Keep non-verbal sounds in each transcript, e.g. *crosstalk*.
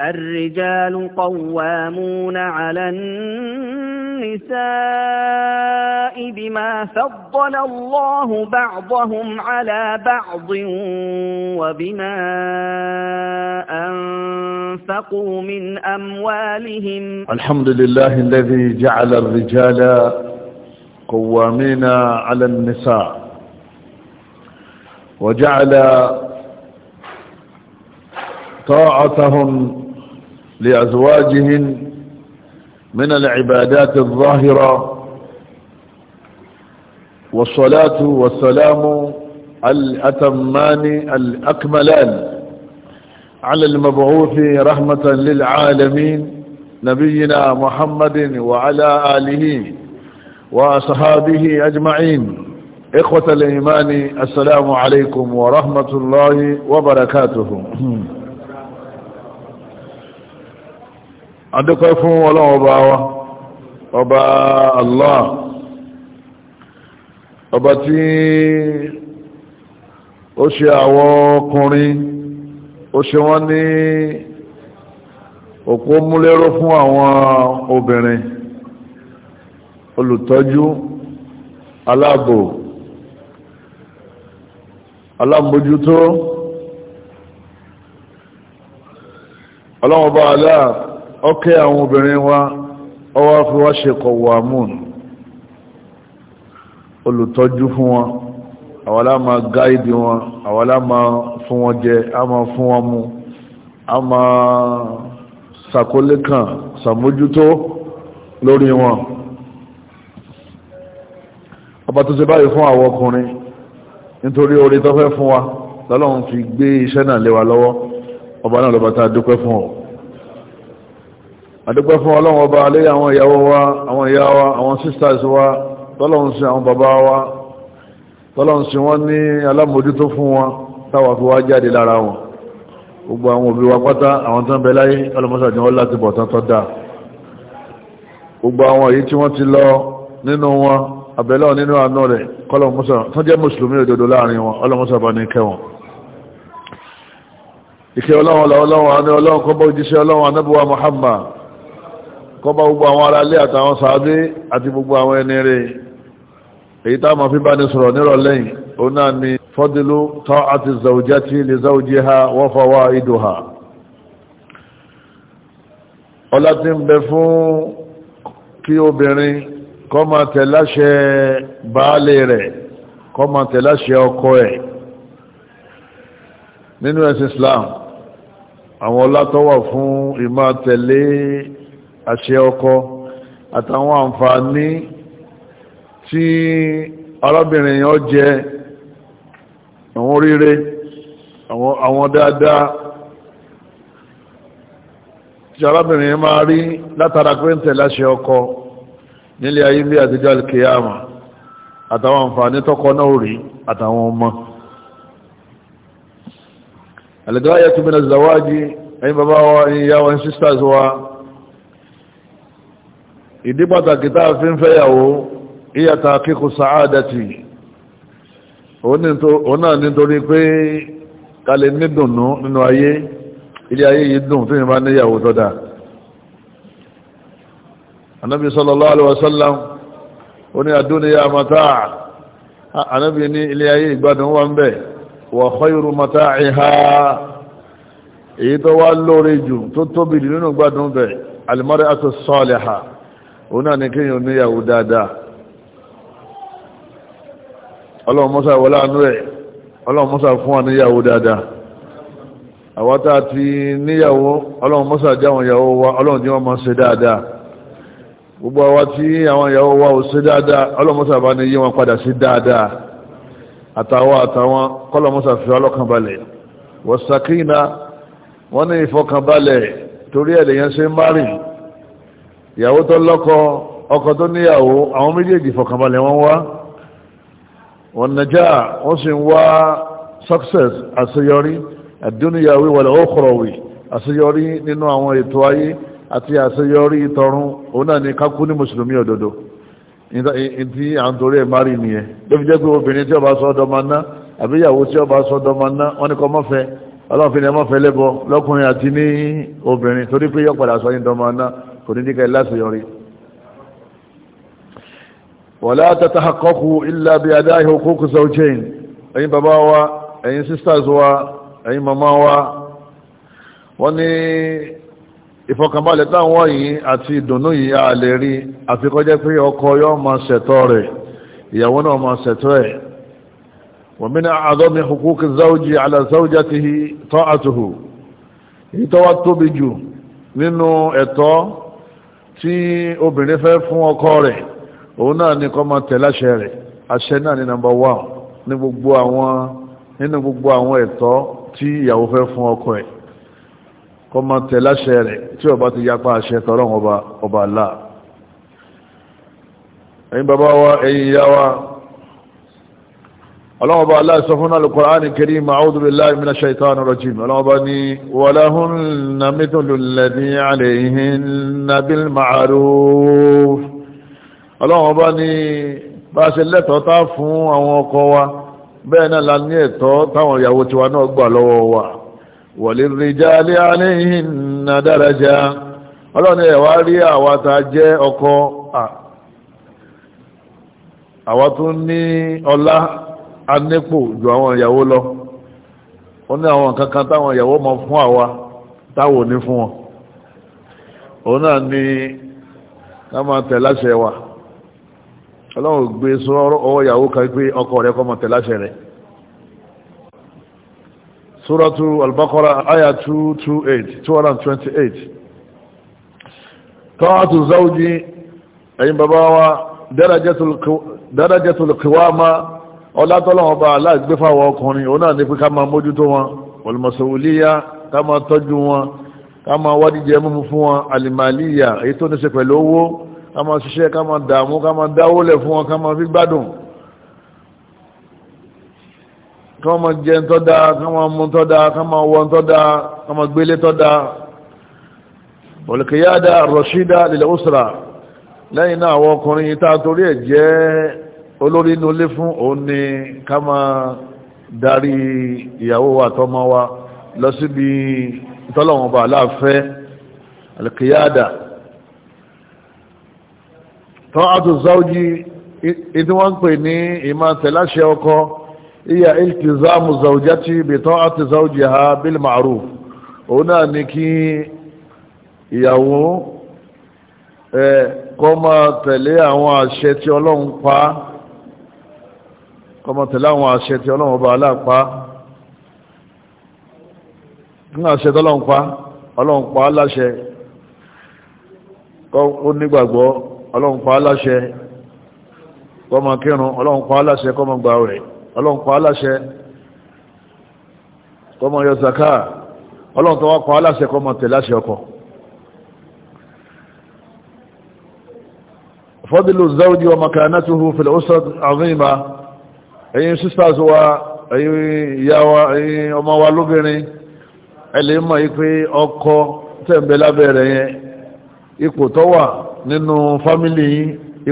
الرجال قوامون على النساء بما فضل الله بعضهم على بعض وبما أنفقوا من أموالهم الحمد لله الذي جعل الرجال قوامين على النساء وجعل طاعتهم لأزواجهن من العبادات الظاهرة والصلاة والسلام الأتمان الأكملان على المبعوث رحمة للعالمين نبينا محمد وعلى آله وأصحابه أجمعين إخوة الإيمان السلام عليكم ورحمة الله وبركاته adúpẹ́ fún ọlọ́run ọba wa ọba allah ọba tí ó ṣe àwọn ọkùnrin ó ṣe wọ́n ní òpó múlẹ́rọ fún àwọn obìnrin olùtọ́jú aláàbò alábòjútó ọlọ́run ọba aláàbò ọkẹ́ àwọn obìnrin wa ọwá fi wá ṣe kọ̀wọ̀ àmúnù olùtọ́jú fún wọn àwọlá ma gáìdì wọn àwọlá ma fún wọn jẹ a ma fún wọn mú a ma sàkólé kan sàmójútó lórí wọn ọba tó ṣe báyìí fún àwọn ọkùnrin nítorí orí tó fẹ́ fún wa lọ́lọ́run fi gbé iṣẹ́ náà lé wa lọ́wọ́ ọba náà lọ́ba tá a dúpẹ́ fún ọ àdúgbẹ́ fún ọlọ́run ọba alẹ́ àwọn ìyàwó wa àwọn ìyá wa àwọn sisters wa tọ́lọ́run sí àwọn bàbá wa tọ́lọ́run sí wọ́n ní alámòójútó fún wọn táwà fi wá jáde lára wọn gbogbo àwọn òbí wa pátá àwọn tán bẹ láyé ọlọ́mọsàdì wọn láti bọ̀ tán tọ́ dáa gbogbo àwọn èyí tí wọ́n ti lọ nínú wọn àbẹ̀lọ́ nínú àánú rẹ̀ kọlọ̀mọ́sà tán jẹ́ ìkẹ́ ọlọ́run ọlọ́run ọlọ́run kọ́bọ̀ òjíṣẹ́ ọlọ́run anábúwa Muhammad kọba gbogbo àwọn aráalé àtàwọn sàádé àti gbogbo àwọn ẹni rẹ̀ èyí táwọn fi bá ní sọ̀rọ̀ nírọ̀lẹ́yìn òun náà ni fọ́dílú ta'ati zawjati li zawjiha wa fawaiduha ọlá tí ń bẹ fún kí obìnrin kó máa tẹ̀láṣẹ baálé rẹ̀ kó máa tẹ̀láṣẹ ọkọ ẹ̀ nínú ẹ̀sìn Islam àwọn ọlá tó wà fún ìmá tẹ̀lé àṣẹ ọkọ àtàwọn àǹfààní tí arábìnrin yẹn jẹ àwọn oríire àwọn dáadáa tí arábìnrin yẹn máa rí látara pé ń tẹ̀lé àṣẹ ọkọ nílé ayé bí àtijọ́ alkiyama àtàwọn àǹfààní tọ́kọ náà rí àtàwọn ọmọ alìdáyà tó bí na zawaji ẹ̀yin bàbá wa ẹ̀yin yá wa sisters wa ìdí pàtàkì tá a fi ń fẹ́yàwó ìyàtà kíkù sàádàtì òun náà nítorí pé kalẹ̀ nídùnnú nínú ayé ilé ayé yìí dùn tó yìnbá níyàwó tọ́dá anábi sallallahu alaihi wasallam ó ní àdúnìyà matáà anábi ní ilé ayé ìgbádùn wà ń bẹ̀ wà khayru matá'iha èyí tó wá lórí jù tó tóbi nínú ìgbádùn bẹ̀ al-mar'atu as-salihah òun náà ni kéèyàn níyàwó dáadáa ọlọ́run mọ́sá wọlé ẹ̀ ọlọ́run fún wa níyàwó dáadáa àwọn a ti níyàwó ọlọ́run jáwọn ìyàwó wa ọlọ́run tí wọ́n máa ṣe dáadáa gbogbo àwa tí àwọn ìyàwó wa ò ṣe dáadáa ọlọ́run bá ní yí wọn padà sí dáadáa àtàwọn àtàwọn fi ọlọ́kànbalẹ̀ wọ́n wọ́n ní ìfọkànbalẹ̀ torí ìyàwó tó lọ́kọ ọkọ tó níyàwó àwọn méjèèjì fọkànbalẹ̀ wọ́n wá wọ́n nàjá wọ́n sì ń wá success àṣeyọrí àdúnìyàwó wal ukhrawi àṣeyọrí nínú àwọn ètò ayé àti àṣeyọrí ìtọrun òun náà ni kákú ní mùsùlùmí òdodo ìdí à ń torí ẹ̀ márì nìyẹn ló fi jẹ́ pé obìnrin tí ọba sọ́dọ̀ máa ná àbí ìyàwó tí ọba sọ́dọ̀ máa ná wọ́n ní kọ́ mọ́fẹ́ ọlọ́fin ni ẹ mọ́fẹ́ lẹ́bọ lọ́kùnrin àti ní obìnrin torí pé yọ́pàdà sọ́yìn dọ́mọ náà kò ní díkà láṣeyọrí wala tatahaqqaqu illa bí adáyé huquq zawjayn ẹ̀yin bàbá wa ẹ̀yin sisters wa ẹ̀yin mama wa wọ́n ní ìfọkànbalẹ̀ táwọn yìí àti ìdùnnú yìí a lè rí àfikọ́jẹ́ pé ọkọ yóò máa ṣẹ̀tọ́ rẹ̀ ìyàwó náà máa ṣẹ̀tọ́ ẹ̀ ومن أعظم حقوق الزوج على زوجته طاعته يتوتب جو nínú ẹ̀tọ́ tí obìnrin fẹ́ fún ọkọ rẹ̀ òun náà ní kó máa tẹ̀lé àṣẹ rẹ̀ àṣẹ náà ni nàmbà wà ní gbogbo àwọn nínú gbogbo àwọn ẹ̀tọ́ tí ìyàwó fẹ́ fún ọkọ ẹ̀ kó máa tẹ̀lé àṣẹ rẹ̀ tí ó ti yapa àṣẹ tọ́lọ́run ọba ọba Allah ẹ̀yin bàbá wa ẹ̀yin ìyá wa ọlọ́wọ́ bá aláìsọ fún alùkùránì karim a'udhu billahi minash shaitani rajim ọlọ́wọ́ bá ní walahunna mithlu alladhi alayhinna bil ma'ruf ọlọ́wọ́ bá ní bá ṣe lẹ́tọ̀ọ́ tá fún àwọn ọkọ wa bẹ́ẹ̀ náà la ní ẹ̀tọ́ táwọn ìyàwó tiwa náà gbà lọ́wọ́ wa walirrijali alayhinna daraja ọlọ́ni ẹ̀wà rí àwa tá jẹ́ ọkọ àwa tún ní ọlá anẹ́pò ju àwọn ìyàwó lọ ó ní àwọn kankan táwọn ìyàwó mọ fún àwa táwọn ní fún wọn òun náà ní ká máa tẹ̀ láṣẹ wa ọlọ́run gbé sọ́rọ́ ọwọ́ ìyàwó kan pé ọkọ rẹ̀ kọ́ máa tẹ̀ láṣẹ rẹ̀ suratu al-baqara aya 228 228 tọ́wọ́tù zawji ẹ̀yin bàbá wa darajatul qiwama ọlátọ́lọ́wọ́ bá aláàgbé fáwọn ọkùnrin òun náà ní pé ká máa mójútó wọn olùmọ̀sọ̀wòlíyá ká máa tọ́jú wọn ká máa wádìí ẹmú fún wọn alìmàlíyà èyí tó níṣe pẹ̀lú owó ká máa ṣiṣẹ́ ká máa dààmú ká máa dáwólẹ̀ fún wọn ká máa fi gbádùn ká máa jẹ tọ́da ká máa mú tọ́da ká máa wọ tọ́da ká máa gbélé tọ́da olùkìyàdá rọ̀ṣídà lílẹ̀ òsìrà lẹ́yìn náà àwọn ọkùnrin tá torí ẹ̀ jẹ́ olórí inú ilé fún òun ni ká máa darí ìyàwó wa àtọmọ wa lọ síbi ìtọ́lọ̀wọ̀n bá aláàfẹ́ alkiyada tọ́ àtò záújí ìdí wọ́n ń pè ní ìmá tẹ̀láṣẹ ọkọ iya iltizamu zaujati bi tọ́ àtò ha bil ma'ruf òun náà ni kí ìyàwó kọ́ máa tẹ̀lé àwọn àṣẹ tí ọlọ́run pa kọmọ tẹ̀lé àwọn àṣẹ tí ọlọ́run ọba aláàpá nínú àṣẹ tọ́lọ́run pa ọlọ́run pa aláṣẹ kó nígbàgbọ́ ọlọ́run pa aláṣẹ kọmọ kírun ọlọ́run pa aláṣẹ kọmọ gbààwẹ̀ ọlọ́run pa aláṣẹ kọmọ yọ ọlọ́run tó wá pa aláṣẹ kọmọ tẹ̀lé àṣẹ فضل الزوج ومكانته في الأسرة عظيمة ẹ̀yin sisters wa ẹ̀yin wa ọmọ wa lóbìnrin ẹ̀lẹ́ mọ̀ yí ọkọ tẹ̀m̀bẹ̀ lábẹ́ yẹn ipò tó wà nínú ni o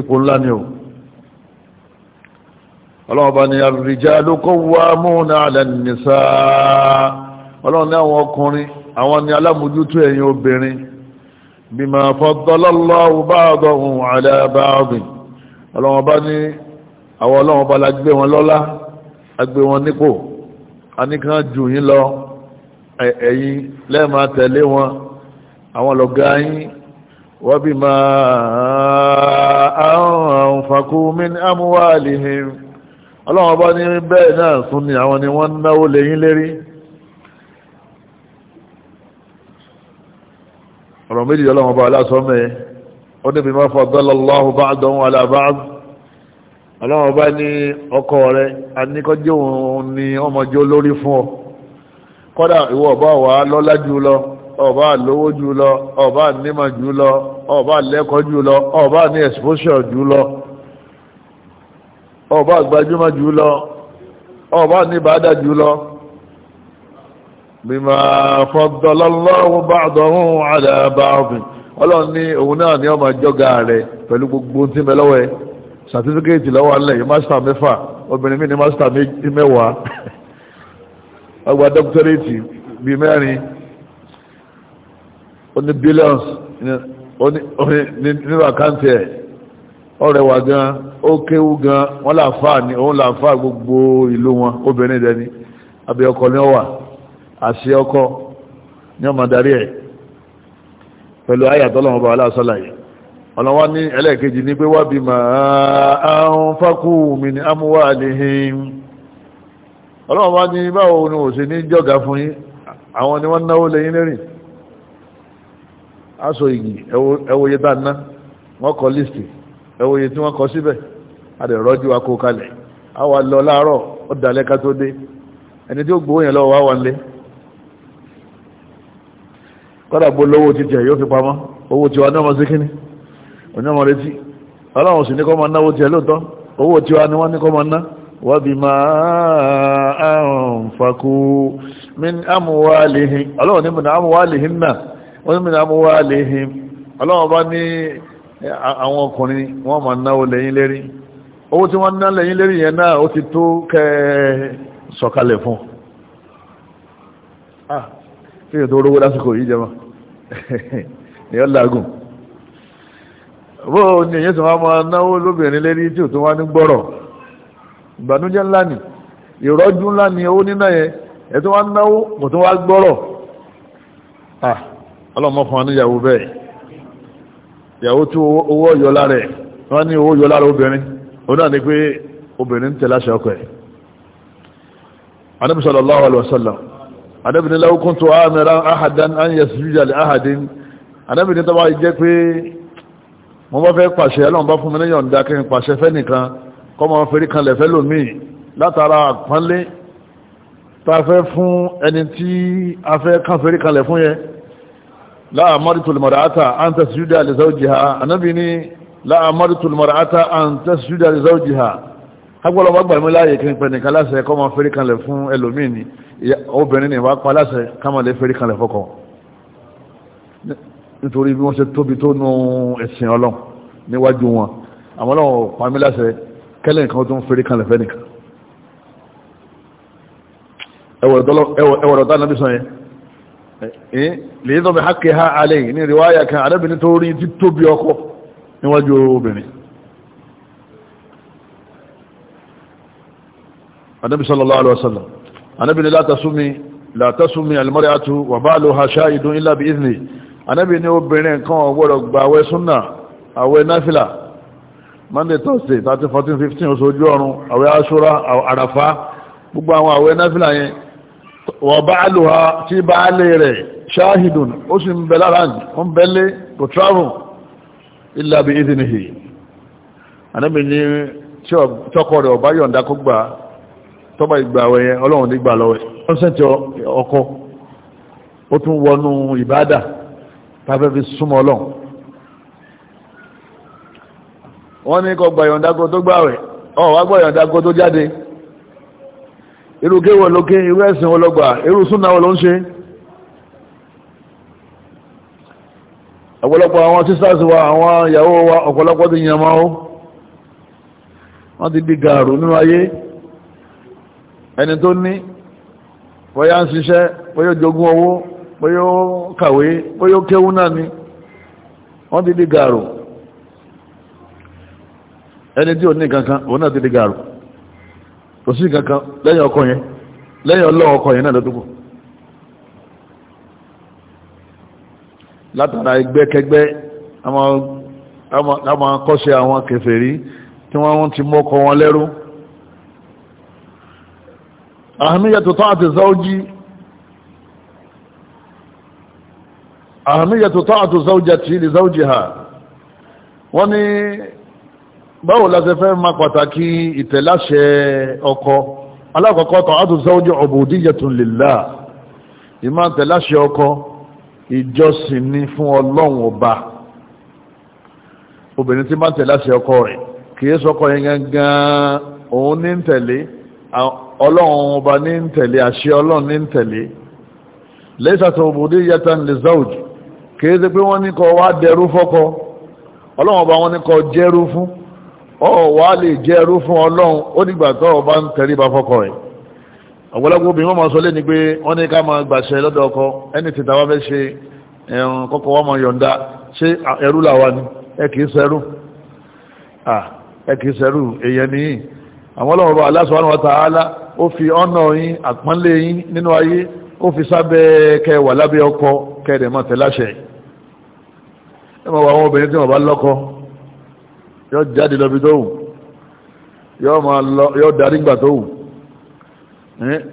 ọlọ́run bá ní ar-rijalu qawwamuna 'ala an-nisaa ọlọ́run ní àwọn ọkùnrin àwọn ni alámòjútó ẹ̀yin obìnrin àwọn ọlọ́run bá la gbé wọn lọ́lá agbé wọn nípò aníkan jù yín lọ ẹ̀yin lẹ́ẹ̀ma tẹ̀lé wọn àwọn lọ́gá yín wọ́n bí máa àrùn fàkú min amúwàlìhìn ọlọ́run bá ní bẹ́ẹ̀ náà sún ni àwọn ni wọ́n náwó lẹ́yìn lérí ọ̀rọ̀ méjì ọlọ́run bá aláṣọ́mẹ́ ó ní bí máa fadala Allahu ba'dahum ala ba'd ọlọ́wọ́ bá ní ọkọ rẹ aníkọ́jọ́ òun ni ọmọjọ́ lórí fún ọ kọ́dà ìwọ ọba wà lọ́lá jù lọ ọba lówó jù lọ ọba nímọ̀ jù lọ ọba lẹ́kọ̀ọ́ jù lọ ọba ní exposure jù lọ ọba gbajúmọ̀ jù lọ ọba ní bàdà jù lọ bímọ fọdọlọlọ́wọ́ bàdọ̀hún àdàbà ọ̀gbìn ọlọ́run ní òun náà ni ọmọ ìjọga pẹ̀lú gbogbo tí mẹlọ́wọ́ ẹ̀ sàtífíkẹ́ẹ̀tì lọ́wọ́ alẹ́ yìí mástà mẹ́fà obìnrin mi ní mástà mẹ́wàá ọgbà dọ́kítọ́rẹ́tì bí mẹ́rin ó ní billions nínú àkáǹtì ẹ̀ ọ̀rẹ́ wà gan ó kéwú gan wọ́n làfà ní òun làfà gbogbo ìlú wọn obìnrin dẹni abẹ́ ọkọ ní ọwà àṣẹ ọkọ ní ọmọ darí ẹ̀ pẹ̀lú ayàtọ́lọ́wọ́ bá aláṣọ́lá yìí ọlọ́wọ́ ní ẹlẹ́ẹ̀kejì ní pé wábí máa ń fákú mi ní amúwá ọlọ́wọ́ wá ní báwọn ni òsì ní jọ́gà fún àwọn ni wọ́n náwó lẹ́yìn lẹ́rìn aṣọ ìgì ẹwòye tá wọ́n kọ lístì ẹwòye tí wọ́n kọ síbẹ̀ adè rọ́jú a lọ láàárọ̀ ó dalẹ́ ká tó dé ẹni tí ó yẹn lọ́wọ́ wá lé kọ́dà lówó tiwa náà mọ́ sí onímọ̀ retí ọlọ́run sì ní kọ́ máa náwó tiẹ̀ lóòótọ́ owó tiwa ni wọ́n ní kọ́ máa ná wa bima anfaqu min amwalihim ọlọ́run ní min amwalihim náà wọ́n ní min amwalihim ọlọ́run bá ní àwọn ọkùnrin wọ́n máa náwó lẹ́yìn lérí owó tí wọ́n ná lẹ́yìn lérí yẹn náà ó ti tó kẹ́ sọ̀kalẹ̀ fún ah kí ètò orówó lásìkò yìí jẹ́ mọ́ èèyàn *laughs* bó ní èyí sọ̀rọ̀ máa náwó lóbìnrin lérí tí ò tó wá ní gbọ́rọ̀ ìbànújẹ́ ńlá ni ìrọ́jú ńlá ni owó níná yẹn ẹ̀ wá náwó kò tó wá gbọ́rọ̀ ọlọ́mọ fún bẹ́ẹ̀ ìyàwó tí owó yọ lára ẹ̀ wọ́n ní owó yọ lára obìnrin alaihi mo bá fẹ́ pàṣẹ ọlọ́run bá fún mi níyàn dá kí n pàṣẹ fẹ́ nìkan kọ́ mọ́ fẹ́rí kan lẹ̀fẹ́ lómi látara àpánlé tá a fẹ́ fún ẹni tí a fẹ́ kán fẹ́rí kan lẹ̀ fún yẹ láàmọ́rí tòlùmọ̀rá àtà àǹtẹ̀ sùdà lè zọ́ọ̀jì ha ànábì ní láàmọ́rí tòlùmọ̀rá àtà àǹtẹ̀ sùdà lè zọ́ọ̀jì ha agbọ́dọ̀ wọ́n gbàmí láàyè kí n pẹ̀ nìkan láṣẹ kọ́ mọ́ fẹ́rí kan lẹ̀ fún ẹlòmíì ni obìnrin ni wàá pa láṣẹ ká mọ́ lè fẹ́rí kan lẹ̀ fọ́kọ̀ọ́ nítorí bí wọ́n ṣe tóbi tó nu ẹ̀sìn ọlọ́run níwájú wọn àwọn ọlọ́run pàmílàṣẹ kẹ́lẹ̀ nǹkan tó ń feré kan lẹ̀fẹ́ nìkan ẹwọ̀rọ̀ tá nàbí sọ yẹn lèyìn tó bẹ hákẹ́ ha alẹ́ yìí ní ìrìwáyà kan arábìnrin tó rí tí tóbi ọkọ níwájú obìnrin anábì sallallahu alaihi wasallam anábìnrin la tasumi la tasumi al-mar'atu wa ba'luha anábì ní obìnrin kan ọgbọ́dọ̀ gba àwẹ̀ súnà àwẹ̀ náfìlà monday thursday thirteen fourteen fifteen oṣù ojú ọrùn àwẹ̀ aṣúra àràfá gbogbo àwọn àwẹ̀ náfìlà yẹn wọ́n bá lò ha tí bá lè rẹ̀ ṣáhìdùn ó sì ń bẹ lára ń bẹ́lé kò travel illa bi idhnihi anábì ní tọkọ rẹ̀ ọ̀bá yọ̀ǹda kó gbà tọ́ba ìgbà àwẹ̀ yẹn ọlọ́run nígbà lọ́wẹ̀ ọ̀sẹ̀ ó tún wọnú ìbádà tàbí fi súnmọ́ ọlọ́run wọ́n ní kọ́ gbàyọ̀ndágo tó gbàwẹ̀ ọ̀ wá gbàyọ̀ndágo tó jáde irú kéwọ̀ lókè irú ẹ̀sìn wọn lọ́gbà irú súnà wọn ló ń ṣe ọ̀pọ̀lọpọ̀ àwọn sisters wa àwọn ìyàwó wa ọ̀pọ̀lọpọ̀ ti yàn máa ó wọ́n ti di gààrù nínú ayé ẹni tó ní bóyá ń ṣiṣẹ́ bóyá jogún owó bóyá ó kàwé bóyá ó kéwú náà ni wọ́n ti di gàrò ẹni tí ò ní kankan òun náà ti di gàrò kò sí kankan lẹ́yìn ọkọ yẹn lẹ́yìn ọlọ́wọ́ ọkọ yẹn náà lọ́dún kù látara ẹgbẹ́kẹgbẹ́ àwọn akọ́ṣẹ́ àwọn kèfèrí tí wọ́n ti mọ́kọ wọn lẹ́rú àhàmíyàtò tó àti záójí àhàmíyàtò tààtò zawjati li zawjiha wọ́n ní báwo la ṣe fẹ́ ma pàtàkì ìtẹ̀láṣẹ ọkọ alákọ̀ọ́kọ́ tààtò zawji ubudiyatun lillah ìmá tẹ̀láṣẹ ọkọ ìjọsìn ni fún ọlọ́run ọba obìnrin tí má tẹ̀láṣẹ ọkọ rẹ̀ kìí sọkọ yẹn gangan òun ní ń tẹ̀lé ọlọ́run ọba ní ń tẹ̀lé àṣẹ ọlọ́run ní ń tẹ̀lé laysat ubudiyyatan li zawji kìí ṣe pé wọ́n ní kọ wá dẹrú fọ́kọ ọlọ́run ọba wọn ní kọ jẹ́rú fún ọ wà lè jẹ́rú fún ọlọ́run ó dìgbà tó ọba ń tẹríba fọ́kọ rẹ̀ ọ̀pọ̀lọpọ̀ obìnrin wọ́n máa sọ lẹ́ni pé wọ́n ní ká máa gbàṣẹ lọ́dọ̀ ọkọ ẹni tìta wá fẹ́ ṣe ẹ̀rùn kọ́kọ́ wá máa yọ̀ǹda ṣé ẹrú làwa ni ẹ kìí ṣẹrú ẹ kìí ṣẹrú èèyàn nìyí àwọn ọlọ́run ọba Allah subhanahu wa ta'ala ó fi ọ̀nà yín àpọ́nlé yín nínú ayé ó fi sábẹ́ kẹwàá lábẹ́ ọkọ kẹ́ẹ̀dẹ̀ máa tẹ̀láṣẹ̀ ẹ máa wọ àwọn obìnrin tí wọ́n bá lọ́kọ yóò jáde lọ bí tó wù yóò máa lọ yóò darí gbà tó wù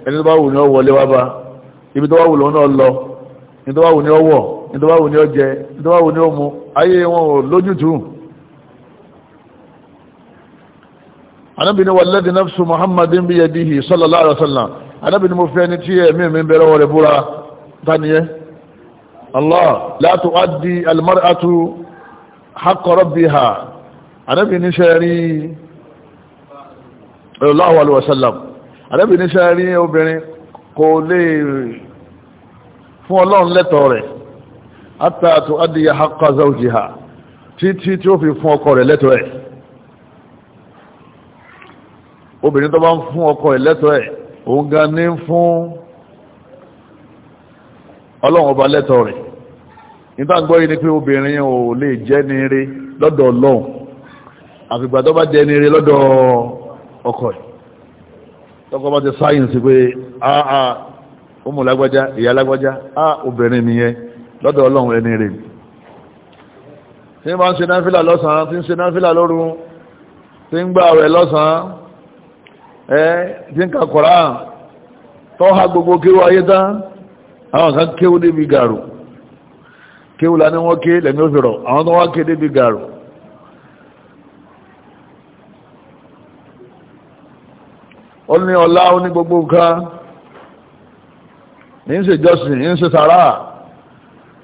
ẹni tó bá wù ní ọ wọlé wá bá ibi tó bá wù lọ náà lọ ní tó bá wù ní ọ wọ̀ ní tó bá wù ní ọ jẹ ní tó bá wù ní ọ mu ayé wọn ò lójútùú anábìnrin wàlẹ́dì náfṣù muhammadin bí dìhì sallallahu alaihi wasallam anábìnrin mo fẹ́ ní tí ẹ̀mí mi bẹ̀rẹ̀ wọ̀ rẹ̀ búra tániyẹ́ Allah la tuaddi almar'atu haqqa rabbiha anábì ní sẹ́rí Allahu alaihi wasallam anábì ní sẹ́rí obìnrin kò lè fún ọlọ́run lẹ́tọ̀ rẹ̀ hatta tuaddi haqqa zawjiha títí tí ó fi fún ọkọ rẹ̀ lẹ́tọ̀ ẹ̀ obìnrin tó bá ń fún ọkọ ẹ̀ lẹ́tọ̀ ẹ̀ òun gan ní fún ọlọ́run ọba lẹ́tọ̀ rẹ̀ nígbà gbọ́ yìí ni pé obìnrin ò lè jẹ́ ní rí lọ́dọ̀ ọlọ́run àfìgbà tó bá jẹ́ ní rí lọ́dọ̀ ọkọ ẹ̀ tọkọ bá ti sáyẹ̀nsì pé àà ọmọ lágbájá ìyá lágbájá à obìnrin nìyẹn lọ́dọ̀ ọlọ́run ẹni rí tí ń bá ń ṣe náfìlà lọ́sàn-án tí ń ṣe náfìlà lóru tí ń gbà rẹ̀ lọ́sàn-án ẹ́ tí ń ka Kùránì tó ha gbogbo kéwú ayé tán àwọn kan kéwú débi gàrú kéwùlá ní wọ́n ké lẹ́mí ó fèrọ àwọn tó wá ké débi gàrù ó ní ọlá ó ní gbogbo nǹkan ní ṣe jọ́sìn ní ṣe sàrá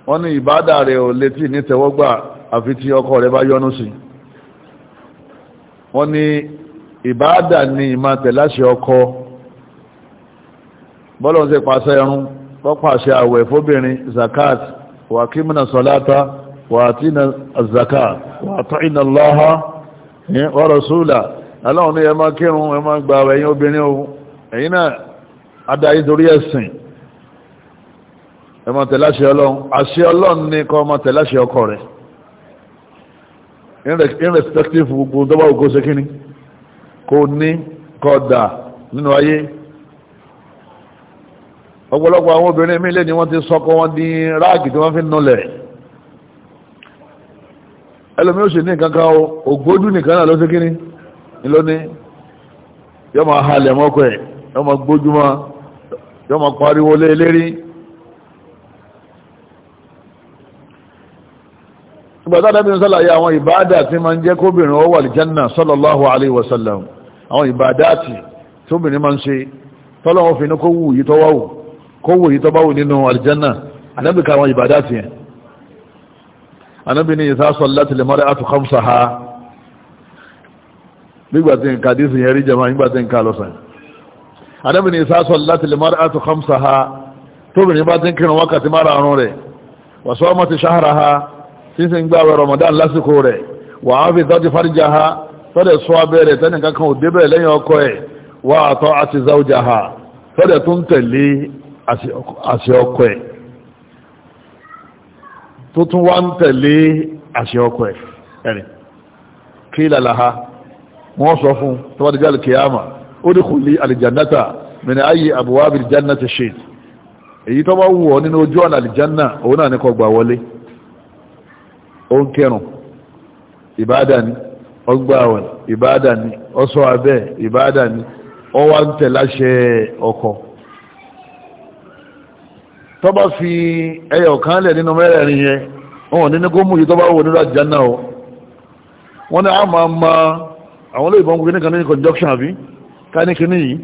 wọ́n ní ìbádà rẹ̀ ò létí ní tẹ́wọ́gbà àfi tí ọkọ rẹ̀ bá yọ́nú sí wọ́n ní ìbádà ní ìmá tẹ̀láṣẹ ọkọ bọ́lọ̀ ń ṣe pàṣẹ ẹrun wọ́n pàṣẹ àwẹ̀ fóbìnrin zakat وأقمنا الصلاة وآتنا الزكاة وأطعنا الله ورسوله Ọlọ́run ni ẹ máa kírun ẹ máa gba ẹ̀yin obìnrin ohun ẹ̀yin náà adáyé torí ẹ̀sìn ẹ máa tẹ̀láṣẹ Ọlọ́run àṣẹ Ọlọ́run ní kó máa tẹ̀láṣẹ ọkọ rẹ̀ irrespective gbogbo dọ́bà ògó ṣe kíní kò ní kọ́ dà nínú ayé ọ̀pọ̀lọpọ̀ àwọn obìnrin mílẹ̀ ni wọ́n ti sọ́kọ́ wọn di ráàkì tí wọ́n fi nulẹ̀ ẹlòmí ó sì ní kankan ògbójú nìkan náà ló sí kíní ìlóní yọ ma halẹ̀ mọ́kọ̀ ẹ̀ yọ ma gbójúmọ́ yọ ma pariwo lé lérí ìgbàtàdà bí n sálàyé àwọn ìbáadà tí ma ń jẹ́ kóbìnrin ó wà lìjánà sallallahu alaihi wasallam àwọn ìbáadà tí tóbìnrin ma ń ṣe tọ́lọ́wọ́ fi ní kó wù yí tọ́wọ́ wù kó wòye tó bá wù nínú aljanna anábì ka àwọn ìbàdá ti yẹn anábì ní ìsá sọ láti lè mọ́rẹ́ àtù kọ́msà ha nígbà tí nǹkan dísì yẹn rí jẹma nígbà nǹkan lọ́sàn anábì ní ìsá sọ láti lè mọ́rẹ́ àtù kọ́msà ha tóbìnrin bá ti ń kírun wákàtí mara àrùn rẹ̀ wàsó ọmọ ti ṣáhara ha tí sì ń gbà wẹ̀ ramadan lásìkò rẹ̀ wà á fi tọ́jú fáríjà ha tọ́dẹ̀ sọ abẹ́rẹ̀ tẹ́nìkan kan ò débẹ̀ lẹ́yìn ọkọ ẹ̀ wà á tọ́ àti záújà ha tọ́dẹ̀ tún tẹ̀lé àṣẹ ọkọ ẹ̀ tó tún wá ń tẹ̀lé àṣẹ ọkọ ẹ̀ ẹ̀rìn kí lalaha wọ́n sọ fún tó bá dìjá alìkìyàmà ó dìkù lé alìjannata mẹ́ni ayé àbúwábì jannata shade èyí tó bá wù ọ nínú ojú ọ̀nà alìjanna òun náà ní kó gbà wọlé ó ń kẹrùn ìbádà ni ọgbà àwẹ̀ ìbádà ni ọsọ abẹ́ ìbádà ọwá ń tẹ̀láṣẹ ọkọ̀ tó fi ẹyọ kan lẹ̀ nínú mẹ́rẹ̀ẹ̀rin yẹn wọn ò ní ní kó mú yìí tó wò nínú àjánà o wọ́n ní a máa ma àwọn olóyìnbọn gbogbo nìkan ní conjunction àbí ká yìí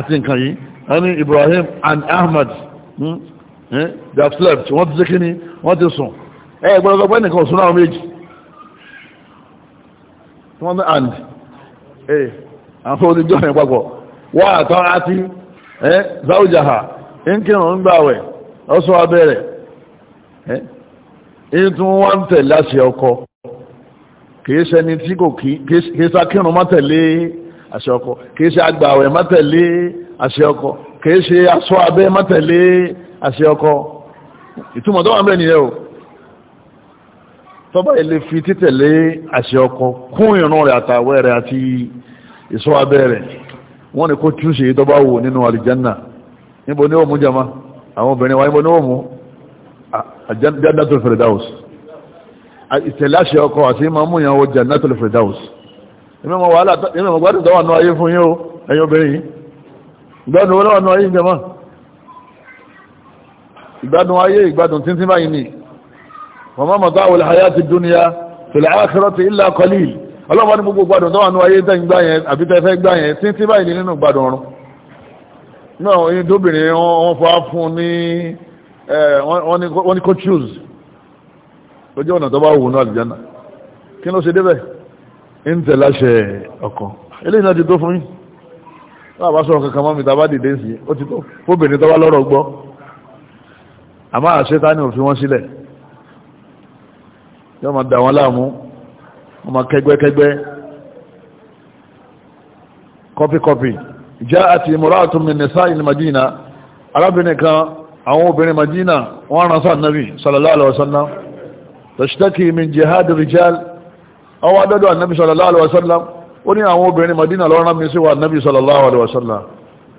àti nǹkan yìí a ní Ibrahim and Ahmad hmm, they have slept wọ́n ti ṣe kíní wọ́n ti sùn ẹ gbọ́dọ̀ pẹ́ nìkan sùn náà méjì wọ́n ní and àwọn olùjọ́ yẹn papọ̀ wọ́n àtọ́ àti zawjaha ń kírun ń gbàwẹ̀ ọsọ abẹ́rẹ̀ èyí tí wọ́n ń tẹ̀ láti ọkọ kìí ṣẹni tí kò kìí ṣakírun má tẹ̀lé àṣẹ ọkọ kìí ṣe agbàwẹ̀ má tẹ̀lé àṣẹ ọkọ kìí ṣe aṣọ abẹ́ má tẹ̀lé àṣẹ ọkọ ìtumọ̀ tó wà ń bẹ̀ nìyẹn o tọ́ba ilé fi títẹ̀lé àṣẹ ọkọ kún ìrun rẹ̀ àtàwẹ̀ rẹ̀ àti ìṣọ́ abẹ́ rẹ̀ wọ́n ní kó túnṣe tọ́ba wò nínú àlìjánná níbo ní òmú jama àwọn obìnrin wa níbo ní òmú jannatul firdaus ìtẹ̀láṣẹ ọkọ àti ìmọ̀ mú ìyàwó jannatul firdaus inú ọmọ wàhálà inú ọmọ gbádùn tọ́wà náà ayé fún yíò ẹ̀yin obìnrin ìgbádùn wọn náà ayé jama ìgbádùn ayé ìgbádùn tíntín báyìí ni mama mata'ul hayatid dunya fil akhirati illa qalil ọlọ́mọdé gbogbo gbádùn tọ́wà náà ayé tẹ́ gbá yẹn àbí tẹ́ báyìí nínú gbádùn ọrùn náà oyún tóbìnrin wọ́n fọ́ fún ní wọ́n ní kó choose lójú ọ̀nà tó bá wù ní àlùjáná kí ló ṣe débẹ̀ ń tẹ̀ láṣẹ ọkọ eléyìí náà ti tó fún yín wọ́n àbá sọ̀rọ̀ kankan mọ́mí tá a bá dìde sí ó ti tó fóbìnrin tó bá lọ́rọ̀ gbọ́ àmọ́ àṣetá ni òfin wọn sílẹ̀ yóò máa dà wọn láàmú wọ́n máa kẹ́gbẹ́kẹ́gbẹ́ kọ́píkọ́pì. جاءت امرأة من نساء المدينة عربنك أو بن مدينة وأنا صلى النبي صلى الله عليه وسلم تشتكي من جهاد الرجال أو عدد النبي صلى الله عليه وسلم وني أو بن مدينة لو أنا من سوى النبي صلى الله عليه وسلم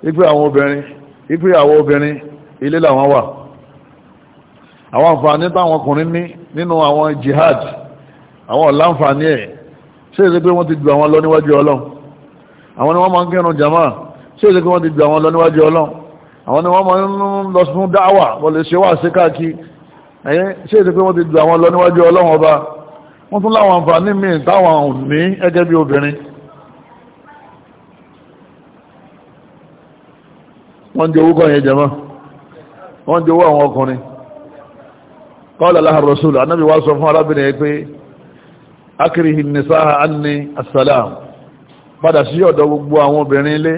ipe àwọn obìnrin ipe àwọn obìnrin ilé làwọn wà àwọn àǹfààní táwọn ọkùnrin ní nínú àwọn jihad àwọn ọ̀láǹfààní ẹ̀ ṣe é ṣe pé wọ́n ti ju àwọn lọ níwájú ọlọ́run àwọn ni wọ́n máa ń kírun jama tí ó lè kí wọ́n ti gbà wọn lọ níwájú ọlọ́run àwọn ni wọ́n máa ń lọ fún dáwà wọ́n lè ṣe wà sí káàkiri ẹ̀yẹ́ ṣé èdè pé wọ́n ti gbà wọn lọ níwájú ọlọ́run ọba wọ́n tún láwọn àǹfààní míì táwọn ò ní gẹ́gẹ́ bí obìnrin wọ́n jẹ owó kan yẹn jẹmọ́ wọ́n jẹ owó àwọn ọkùnrin qala laha ar-rasul anábì wá sọ fún arábìnrin yẹn pé akrihi nisaha anni assalam padà sí ọ̀dọ̀ gbogbo àwọn obìnrin ilé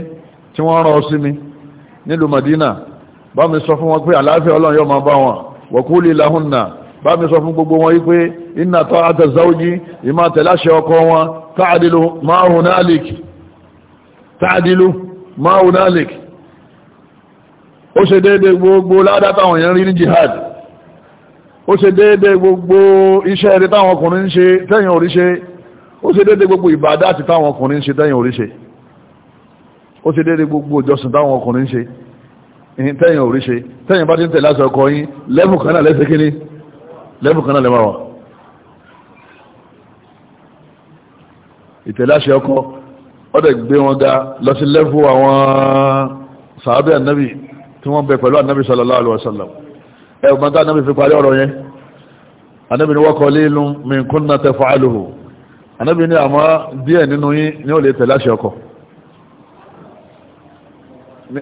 tí wọ́n rán ọ sí mi nílùú Madina bá mi sọ fún wọn pé àlàáfíà ọlọ́run yóò máa bá wọn wọ̀kúlì lahunna bá mi sọ fún gbogbo wọn wípé iná tó àtàzáójí ìmá tẹ̀láṣẹ ọkọ wọn tààdìlú máhùnálìkì tààdìlú máhùnálìkì ó ṣe déédé gbogbo ládá táwọn èèyàn rí ní jihad ó ṣe déédé gbogbo iṣẹ́ rẹ̀ táwọn ọkùnrin ń ṣe tẹ́yìn oríṣẹ́ ó ṣe déédé gbogbo ìbádà àti táwọn ọkùnrin ń ṣe tẹ́yìn oríṣẹ́ ó ṣe déédéé gbogbo ìjọsìn táwọn ọkùnrin ṣe tẹ́yìn ò rí ṣe tẹ́yìn bá ti ń tẹ̀lé aṣọ ọkọ yín lẹ́bùn kan náà lẹ́sẹ̀ kínní lẹ́bùn kan náà lẹ́mọ̀ wà. ìtẹ̀lé aṣọ ọkọ ọdẹ gbé wọn ga lọ sí lẹ́fù àwọn sàábẹ́ ànábì tí wọ́n bẹ pẹ̀lú ànábì sallallahu alaihi wasallam ẹ̀gbọ́n tá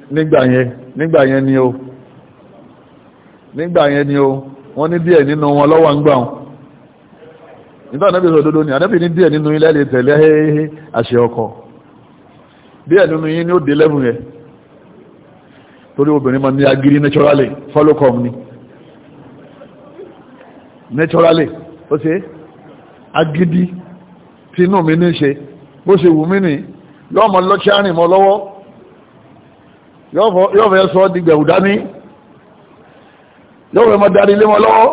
nígbà yẹn nígbà yẹn ni o nígbà yẹn ni o wọ́n ní díẹ̀ nínú wọn lọ́wọ́ ń gbà wọn nígbà náà sọ dodo ni ànábì ní díẹ̀ nínú ilẹ̀ lè tẹ̀lé àṣẹ ọkọ̀ díẹ̀ nínú yín ni ó dé lẹ́bùn yẹn torí obìnrin ma ní agiri naturally follow come ni naturally ó ṣe agidi tí inú mi ní ṣe bó ṣe wù mí nì lọ́mọ lọ́kí àrìn mọ́ lọ́wọ́ yóò fẹ́ sọ di gbẹ̀wù dání yóò fẹ́ mọ́ darí ilé wọn lọ́wọ́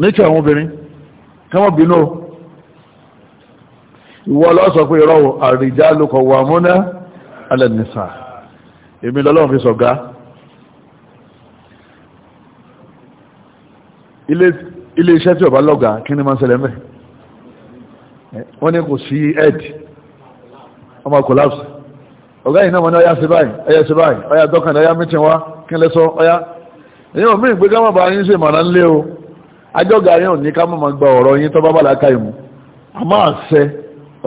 níṣẹ́ àwọn obìnrin kẹ́wọ́n bínú ìwọ lọ́sọ pé ìrọ̀wọ̀ àrìjá lókọ̀ wà múná alẹ́nisa èmi lọ́lọ́run fi sọ̀gá ilé iṣẹ́ tí ọba lọ́gá kí ni máa ń wọ́n ní kò sí ed ọmọ collapse ọ̀gá yìí náà wọ́n ní ọya sí báyìí ọya sí báyìí ọya dọ́kànlẹ̀ ọya mítìn wá kí lẹ́sọ ọya èyí ò mìí pé ká yín ṣe màrà o ajọ́gà yín ò ní ká mọ̀ gba ọ̀rọ̀ yín tọ́ bábà láka ìmú a máa ṣẹ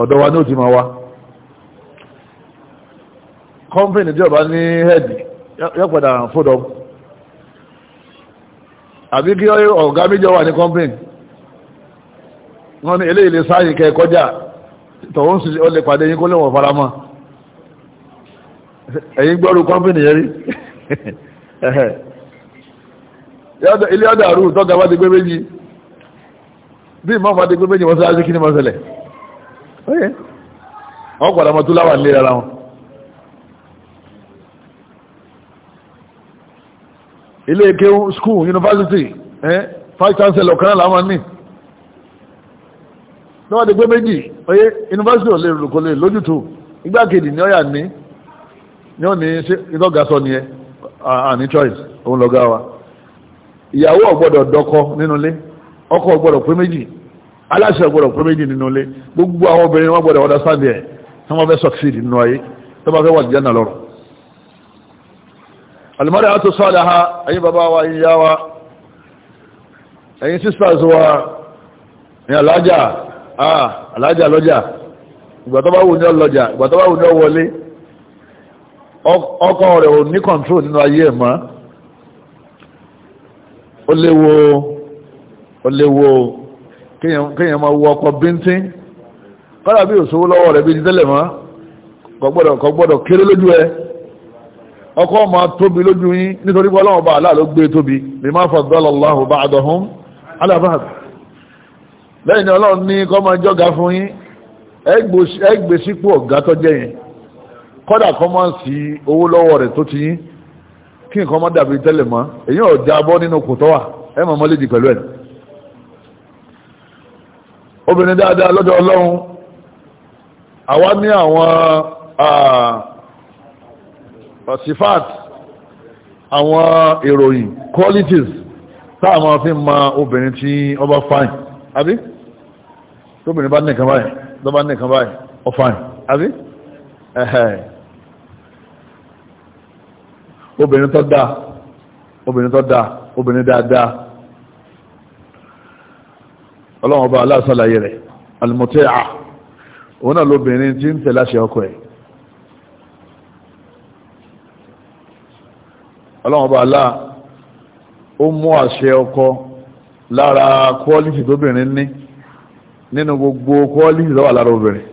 ọ̀dọ̀ wa ní òtí máa wá kọ́mpìnì tí ọba ní hẹ́ẹ̀dì yọ́pẹ̀dà fódọ̀ àbí kí ọ̀gá méjọ wà ní kọ́mpìnì eléyìí lè sáyìn kẹ́ kọjá tọ̀hún sí ẹ̀yin gbọ́rù kọ́mpìnì yẹn rí ilé ọ̀dà àrù tọ́ga bá ti gbé méjì bí ìmọ̀ fà ti gbé méjì wọ́n sáré kí ni wọ́n ṣẹlẹ̀ wọ́n padà mọ́ tó láwà nílé ara wọn ilé kéwú school, university. five chancellor kan náà làwọn ní lọ́wọ́ ti gbé méjì oyé yunifásitì ò lè lòkòlè lójútùú igbákejì ni ó yà ní yóò ní ìlọ́gà sọ ni ẹ àní choice òun lọ́gà wa ìyàwó ọ̀gbọ́dọ̀ dọ́kọ nínú ilé ọkọ ọ̀gbọ́dọ̀ pé méjì aláṣẹ ọ̀gbọ́dọ̀ pé méjì nínú ilé gbogbo àwọn obìnrin wọn gbọ́dọ̀ understand ẹ̀ tí wọ́n fẹ́ succeed nínú ayé tó bá fẹ́ wà jẹ́ náà ha ẹ̀yin bàbá wa ẹ̀yin yá wa ẹ̀yin sisters wa ẹ̀yin alájà ah alájà lọ́jà ìgbà tó bá wù ọkọ rẹ̀ ò ní control nínú ayé ẹ̀ mọ́ ó léwo ó léwo kéèyàn máa wo ọkọ bíntín kọ́dà bí òṣòwò lọ́wọ́ rẹ̀ bí ti tẹ́lẹ̀ mọ́ kò gbọ́dọ̀ kéré lójú ẹ ọkọ máa tóbi lójú yín nítorí pé aláà ló gbé e tóbi ala ba'd lẹ́yìn ọlọ́run ní kọ́ máa jọ́ga fún yín ọ̀gá tọ́jẹ́ yẹn kọ́dà kọ́ máa ń sí owó lọ́wọ́ rẹ̀ tó ti yín kí nǹkan má dàbí tẹ́lẹ̀ mọ́ èyí ò já bọ́ nínú kò tọ́wà ẹ mọ̀ mọ́lẹ́dì pẹ̀lú ẹ̀ obìnrin dáadáa lọ́dọ̀ ọlọ́run àwa ní àwọn sifat àwọn ìròyìn qualities tá a máa fi ma obìnrin tí ọba fine àbí tóbìnrin bá nìkan báyìí lọ́ba nìkan báyìí ọ fine àbí ẹ̀hẹ̀ obìnrin tó dáa obìnrin tó dáa obìnrin dáadáa ọlọ́run ọba aláṣàlàyé rẹ̀ alimọ̀tẹ́à òun náà lóbìnrin tí ń tẹ̀lé àṣẹ ọkọ ẹ̀ ọlọ́run ọba alá ó mú àṣẹ ọkọ lára kọ́ọ́lìtì tóbìnrin ní nínú gbogbo kọ́ọ́lìtì tó wà lára obìnrin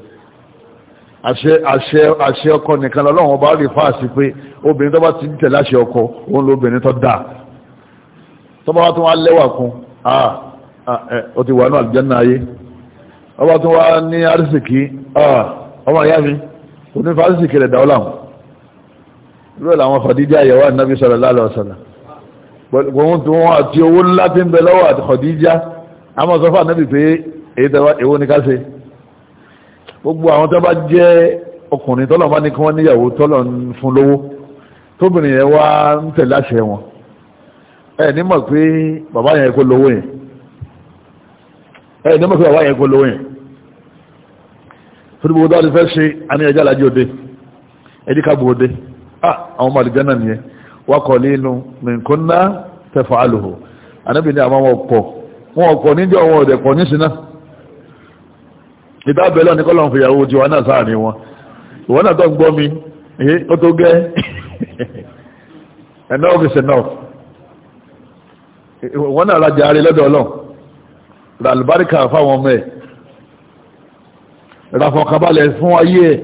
àṣẹ àṣẹ àṣẹ ọkọ nìkan lọ́wọ́n ọba lè fà sí pé obìnrin tó bá ti ń tẹ̀lé àṣẹ ọkọ òun lóbìnrin tó dáa tó bá tún wá lẹ́wà kún ó ti wà náà àlùjánnà ayé ọba tún wá ní arísìkí ọmọ ìyá mi onífà arísìkí rẹ̀ dáwọ́ làwọn irú ẹ̀ làwọn Khadija ìyàwó ànábì sallallahu alaihi wasallam gbogbo tí wọ́n àti owó ńlá ti ń bẹ lọ́wọ́ àti Khadija àmọ́ gbogbo àwọn tó bá jẹ́ ọkùnrin tọ́lọ̀ bá ní kí wọ́n níyàwó tọ́lọ̀ ń fún lówó tóbìnrin yẹn wá ń tẹ̀lé àṣẹ wọn ẹ nímọ̀ pé bàbá yẹn kó lówó yẹn ẹ nímọ̀ pé bàbá yẹn kó lówó yẹn torí gbogbo dáadé fẹ́ ṣe àní ẹjá alájí òde ẹjí kábò òde àwọn ọmọ àdìjẹ́ náà nìyẹn wà kọ̀ nínú mìkúnná tẹfà àlòhò àníbìnrin àwọn ọkọ̀ wọn ọkọ̀ níjọ́ wọn ọ̀dẹ̀kọ̀ níṣìná ìdábẹ̀ lọ́ni kọ́lọ̀ ń fìyàwó ti wà náà sáàrin wọn ìwọ́n náà tó ń gbọ́ mi èyí ó tó gẹ́ *laughs* enough is enough ìwọ́n náà rajà rí lọ́dọ̀ ọlọ́n ra àlùbáríkà fáwọn ọmọ ẹ̀ ra fọkàbalẹ̀ fún ayé ẹ̀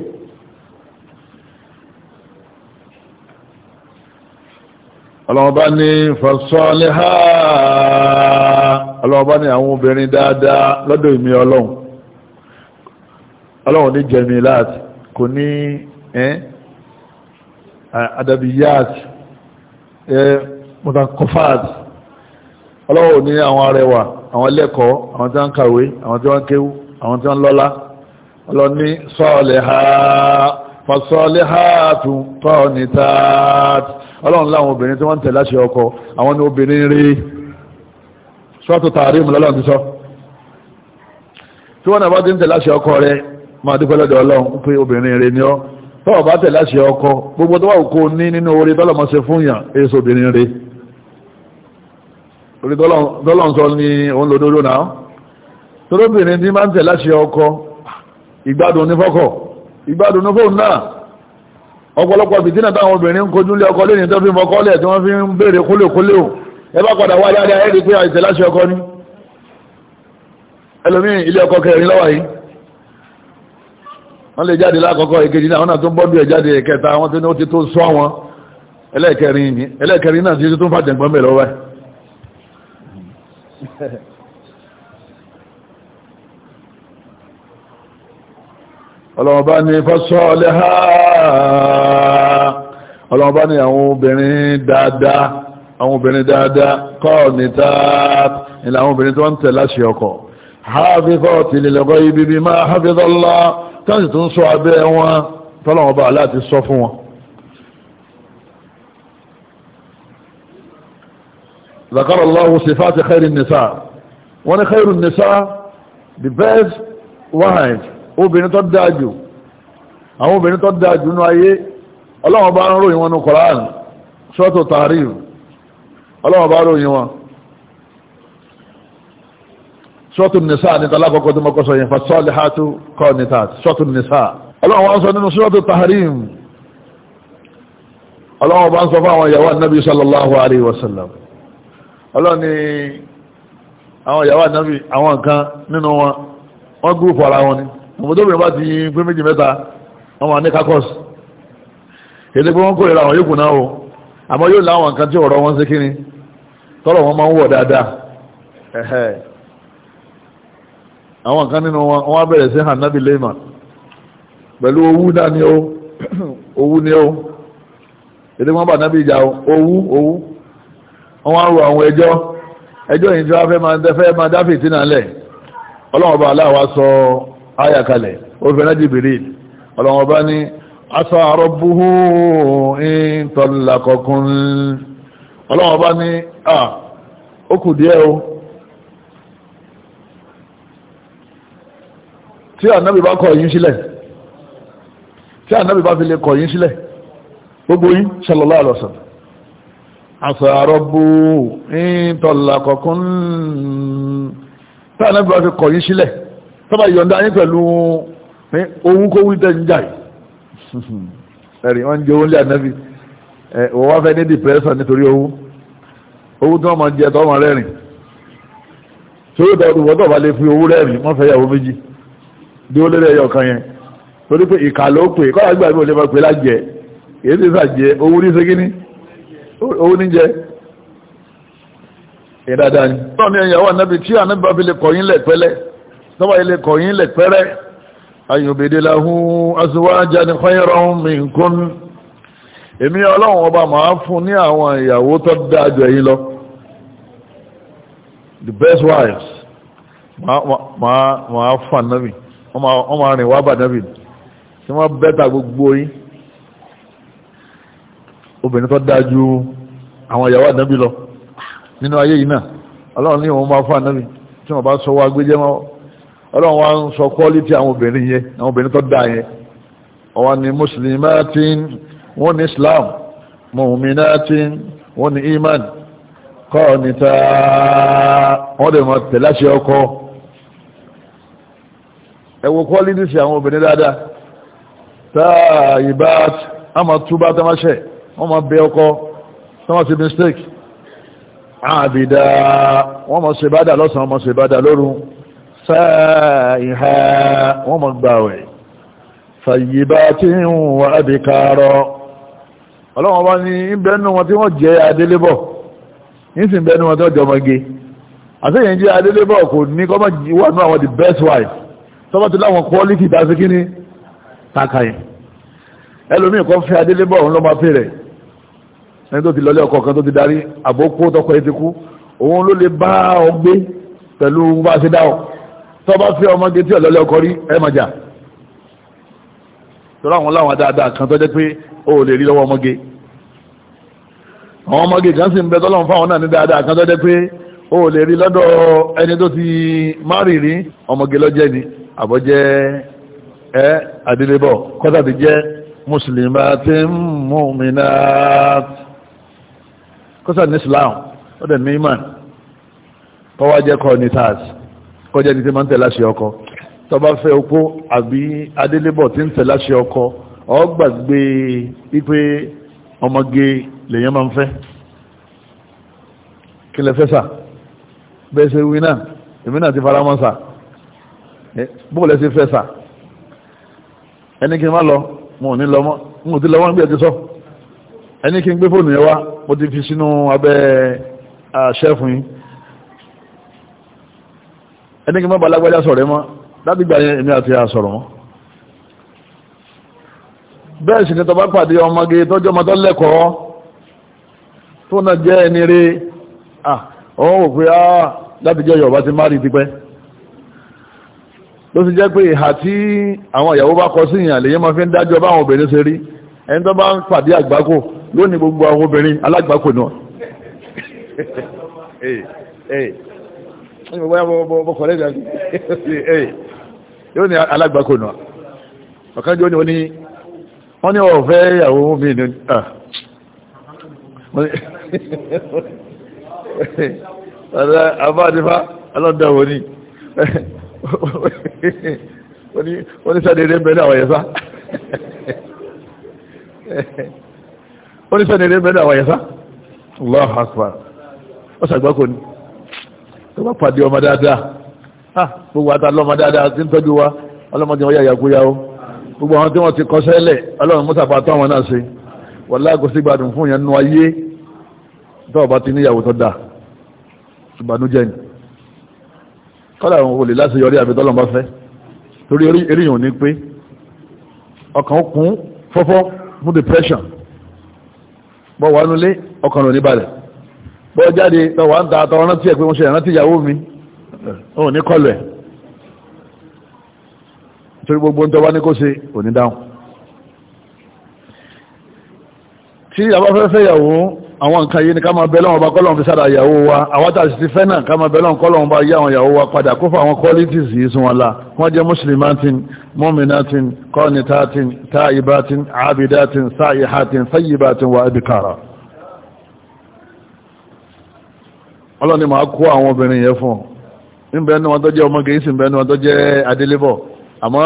ọlọ́ọ̀bá ní fọ̀sọ́ọ́lẹ́hà ọlọ́ọ̀bá ní àwọn obìnrin dáadáa lọ́dọ̀ ìmí ọlọ́run ọlọ́run ní jamilat kò ní adabiyat mutakofat ọlọ́run ní àwọn arẹwà àwọn lẹ́kọ̀ọ́ àwọn tí wọ́n kàwé àwọn tí wọ́n kéwú àwọn tí wọ́n lọ́lá ọlọ́run ní sọ́ọ̀lẹ́hàtún tọ́ọ̀nìtàt ọlọ́run láwọn obìnrin tí wọ́n tẹ̀ láṣẹ ọkọ àwọn ni obìnrin rí sọ́ọ̀tù tààrí mú lọ́lọ́run ti sọ tí wọ́n náà bá ti tẹ̀ láṣẹ ọkọ rẹ̀ máa dúpẹ́ lọ́dọ̀ ọlọ́run pé obìnrin rẹ̀ ni ọ́ tọ́wọ̀ bá tẹ̀ láṣẹ ọkọ gbogbo tó wà kó ní nínú orí tọ́lọ̀mọ́ ṣe fún yàn èso obìnrin rẹ̀ orí tọ́lọ̀n sọ ni òun lò dúró náà tọ́lọ́bìnrin ní máa ń tẹ̀ láṣẹ ọkọ ìgbádùn onífọ́kọ̀ ìgbádùn onífọ́hùn náà ọ̀pọ̀lọpọ̀ bìtínà táwọn obìnrin ń kojú lé ọkọ lẹ́yìn tó fi mọ́kọ́ lẹ̀ tí wọ́n fi ń béèrè kólèkólè ò ẹ bá padà wá dáadáa ẹ́ rí pé àìtẹ̀láṣẹ ọkọ ní ẹlòmíì ilé ọkọ kẹrin lọ́wọ́ yìí wọ́n lè jáde lákọ̀ọ́kọ́ ìkejì náà wọ́n tó bọ́dù ẹ̀ jáde ẹ̀kẹta wọ́n tó ní ó ti tó sọ wọn ẹlẹ́ẹ̀kẹrin náà ti tó ń fàjẹ̀gbọ́n mẹ́rẹ̀ ọwẹ́ ọlọ́ọ̀bá ni fọ́sọ́ọ̀lẹ́ ha ọlọ́ọ̀bá ni àwọn obìnrin dáadáa àwọn obìnrin dáadáa kọ́ táà ìlà àwọn obìnrin tó ń tẹ̀ láṣẹ ọkọ̀ hafizati lil ghaibi bima hafiza Allah táwọn sì tún sọ abẹ́ wọn tọ́lọ́wọ́n bá aláàtì sọ fún wọn. ذكر الله صفات خير النساء وانا خير النساء the best wives obìnrin tó dájú àwọn obìnrin tó dájú ní ayé ọlọ́wọ́n bá ń ròyìn wọn ní Koran sọ́tò tààrí ọlọ́wọ́n bá ròyìn wọn sọ́tù nìsá ní talákọ̀ọ́kọ́ tí mọ́kọ́ sọ yẹn ha hátú kọ́ ní tààtì sọ́tù nìsá ọlọ́wọ́ wọ́n sọ nínú sọ́tù taharim ọlọ́wọ́ bá ń sallallahu àwọn àwọn nínú wọn ara wọn ni ọmọdébìnrin bá ti méjì mẹ́ta ọmọ ní kakọ́s èdè pé wọ́n náà o àwọn kan nínú wọn wọ́n bẹ̀rẹ̀ sí hànábì lẹ́mà pẹ̀lú owú náà ni ó *clears throat* owú ni ó èdè nábì ìjà owú owú àwọn ẹjọ́ ẹjọ́ yìí tí wọ́n fẹ́ máa dẹ́fẹ́ máa dáfì tí náà lẹ̀ ọlọ́wọ́n bá aláwa sọ áyà kalẹ̀ ó fẹ́ náà jìbìrì ọlọ́wọ́n bá ní aṣọ àrọ búhú ìtọ́lá o tí ànábì bá kọ̀ yín sílẹ̀ tí ànábì bá fi lè kọ̀ yín sílẹ̀ gbogbo yín sallallahu alaihi wasallam àṣàrọ̀bù ìtọ̀là kọ̀kún tí ànábì bá fi kọ̀ yín sílẹ̀ tọ́bà yọ̀ǹda yín pẹ̀lú ohun kó wí tẹ́ǹjà *laughs* ẹ̀rì wọ́n jẹ́ oúnjẹ ànábì wọ́n wá fẹ́ ní depression nítorí owó owó dúró lórí ẹyọ kan yẹn torí pé ìkà ló pè kọ́lá gbà mí ò lè máa pè lájẹ èyí ti sàjẹ owó ní ṣe kíní owó ní jẹ ẹ̀ dáadáa ni. náà ni ẹ̀yàwó ànábì tí ànábì bá fi lè kọ̀yìn lẹ̀ pẹ́lẹ́ tọ́wọ́ ilé kọ̀yìn lẹ̀ pẹ́rẹ́ ayùbèdèláhùn azwajan khayran minkum èmi ọlọ́run ọba máa fún ní àwọn ìyàwó tó dáa jù ẹ̀yin lọ the best wives máa fún ànábì wọ́n máa rìn wá bà david tí wọ́n bẹ́ta gbogbo yín obìnrin tó dájú àwọn ìyàwó ànábì lọ nínú ayé yìí náà ọlọ́run ní òun máa fún ànábì tí wọ́n bá sọ wá gbé jẹ́mọ́ ọlọ́run wá ń sọ quality àwọn obìnrin yẹn àwọn obìnrin tó dá yẹn ọwọ́n ni muslimatin wọ́n ní islam mu'minatin wọ́n ní iman kọ́ ní ta wọ́n dẹ̀ mọ̀ tẹ̀láṣẹ ọkọ̀ ẹ̀wọ̀ kọ́lídì sí àwọn obìnrin dáadáa táà ìbá àmà túbá tamáṣẹ́ wọ́n ma bẹ ọkọ tọ́wọ́n ti mistake àbìdá wọ́n ma ṣe bádà lọ́sàn wọ́n ma ṣe bádà lóru sáà ìhà wọ́n ma gbàwẹ̀ fàyíbá tí ń wà ábìkárọ̀ ọlọ́wọ́n bá ní ìbẹ́nu wọn tí wọ́n jẹ́ adélébọ̀ ní sì ìbẹ́nu wọn tí wọ́n jọmọge àti èyí jẹ́ adélébọ̀ kò ní kọ́mọ̀ wà ní àwọn the best wife tọ́bọ̀ tó láwọn kọ́ọ́lìkì dáṣe kí ni takayẹ̀ ẹlòmíì kan fẹ́ adélébọ̀ òun ló máa fẹ́ rẹ̀ ẹni tó ti lọlé ọkọ̀ kan tó ti darí àbókó tọkọ̀ ẹ ti kú òun ló lè bá ọ gbé pẹ̀lú bá ṣe dáwọ̀ tọ́bọ̀ fẹ́ ọmọge tí ọlọ́lé ọkọ̀ rí ẹ máa jà tọ́lá àwọn láwọn dáadáa kan tó jẹ́ pé ó lè rí lọ́wọ́ ọmọge àwọn ọmọge kan sì ń bẹ tọ́lọ́run fáwọn náà ní dáadáa kan tó pé ó lè rí lọ́dọ̀ ẹni tó ti má rìnrìn ọmọge lọ́jẹ́ ni àbọ́jẹ́ ẹ adélébọ̀ kọ́tàbí jẹ́ muslimatin mu'minat kọ́sà ní islam ó dẹ̀ ní iman tọ́wọ́ jẹ́ kọ́ ní tààs kọjá ní tí máa ń tẹ̀lá ṣe ọkọ tọba fẹ́ opó àbí adélébọ̀ tí ń tẹ̀lá ṣe ọkọ ó ọmọge lèyàn máa ń fẹ́ kí lẹ fẹ́ sà bẹ́ẹ̀ ṣe èmi náà ti fara mọ́ sà Eh, bóòlẹ̀ sí fẹ́ sà ẹni kí n má lọ mo ní lọ mọ́ mo ti lọ mọ́ níbi ẹ̀ ti sọ ẹni kí n gbé fóònù yẹn wá mo ti fi sínú abẹ́ ṣẹ́fún yín ẹni kí n má ba alágbájá sọ̀rọ̀ mọ́ láti gbà yẹn èmi àti àsọ̀rọ̀ mọ́ bẹ́ẹ̀ sì ni tọba pàdé ọmọge tọ́jú ọmọ tó lẹ́kọ̀ọ́ tó náà jẹ́ ẹni rí ah òun ò pé ah láti jẹ́ Yorùbá ti má rí tipẹ́ ló ti jẹ́ pé ìhà tí àwọn ìyàwó bá kọ sí ìyàn lè yẹ́ máa fi ń dájọ́ báwọn obìnrin ṣe rí ẹni tó bá ń pàdé àgbákò lónìí gbogbo àwọn obìnrin alágbákò náà yóò ní alágbákò náà ọ̀kan jẹ́ ó ní wọ́n ní ọ̀fẹ́ ìyàwó mi ní ọ̀rẹ́ àbáàdífá alọ́dàwò ní ó ní sàdédé ń bẹ ní àwọn yẹn sá ó ní sàdédé ń bẹ ní àwọn yẹn sá Akbar ó sàgbákò ni tó bá pàdé ọmọ dáadáa ha ah, gbogbo àtà lọ́mọ dáadáa tí ń tọ́jú wa ọlọ́mọdé wọn yàyà kúyà ó gbogbo àwọn tí wọ́n ti kọsẹ́ lẹ̀ ọlọ́run mọ́sàpá tó àwọn náà ṣe wàlá kò sí gbádùn fún yẹn nú ayé tó bá ti níyàwó tó dáa ìbànújẹ́ ni kọ́lá àwọn olè láti yọrí àbẹ̀tọ́lọ́ bá fẹ́ torí eríyàn ní pé ọkàn ó kún fọ́fọ́ fún depression bọ́ wà nulé ọkàn rò ní balẹ̀ bọ́ jáde lọ wà ń ta àtọwọ́ rántí ẹ̀ pé wọ́n ṣe rántí ìyàwó mi ò ní kọlù ẹ̀ torí gbogbo ń tọ́ wá ní kó ṣe òní dáhùn tí àbáfẹ́fẹ́ ìyàwó àwọn nǹkan yìí ni ká máa bẹ lọ́wọ́ bá kọ́lọ́n fi sára ìyàwó wa àwọn tàbí ti fẹ́ náà ká máa bẹ lọ́wọ́ kọ́lọ́n bá yá àwọn ìyàwó wa padà kó fún àwọn qualities yìí sún wọn la wọ́n jẹ́ muslimatin muminatin qanitatin taibatin abidatin sa'ihatin sayyibatin wa abikara ọlọ́ni máa kó àwọn obìnrin yẹn fún níbẹ̀ ní wọn tó jẹ́ ọmọge yìí sì níbẹ̀ ní wọn tó jẹ́ adélébọ̀ àmọ́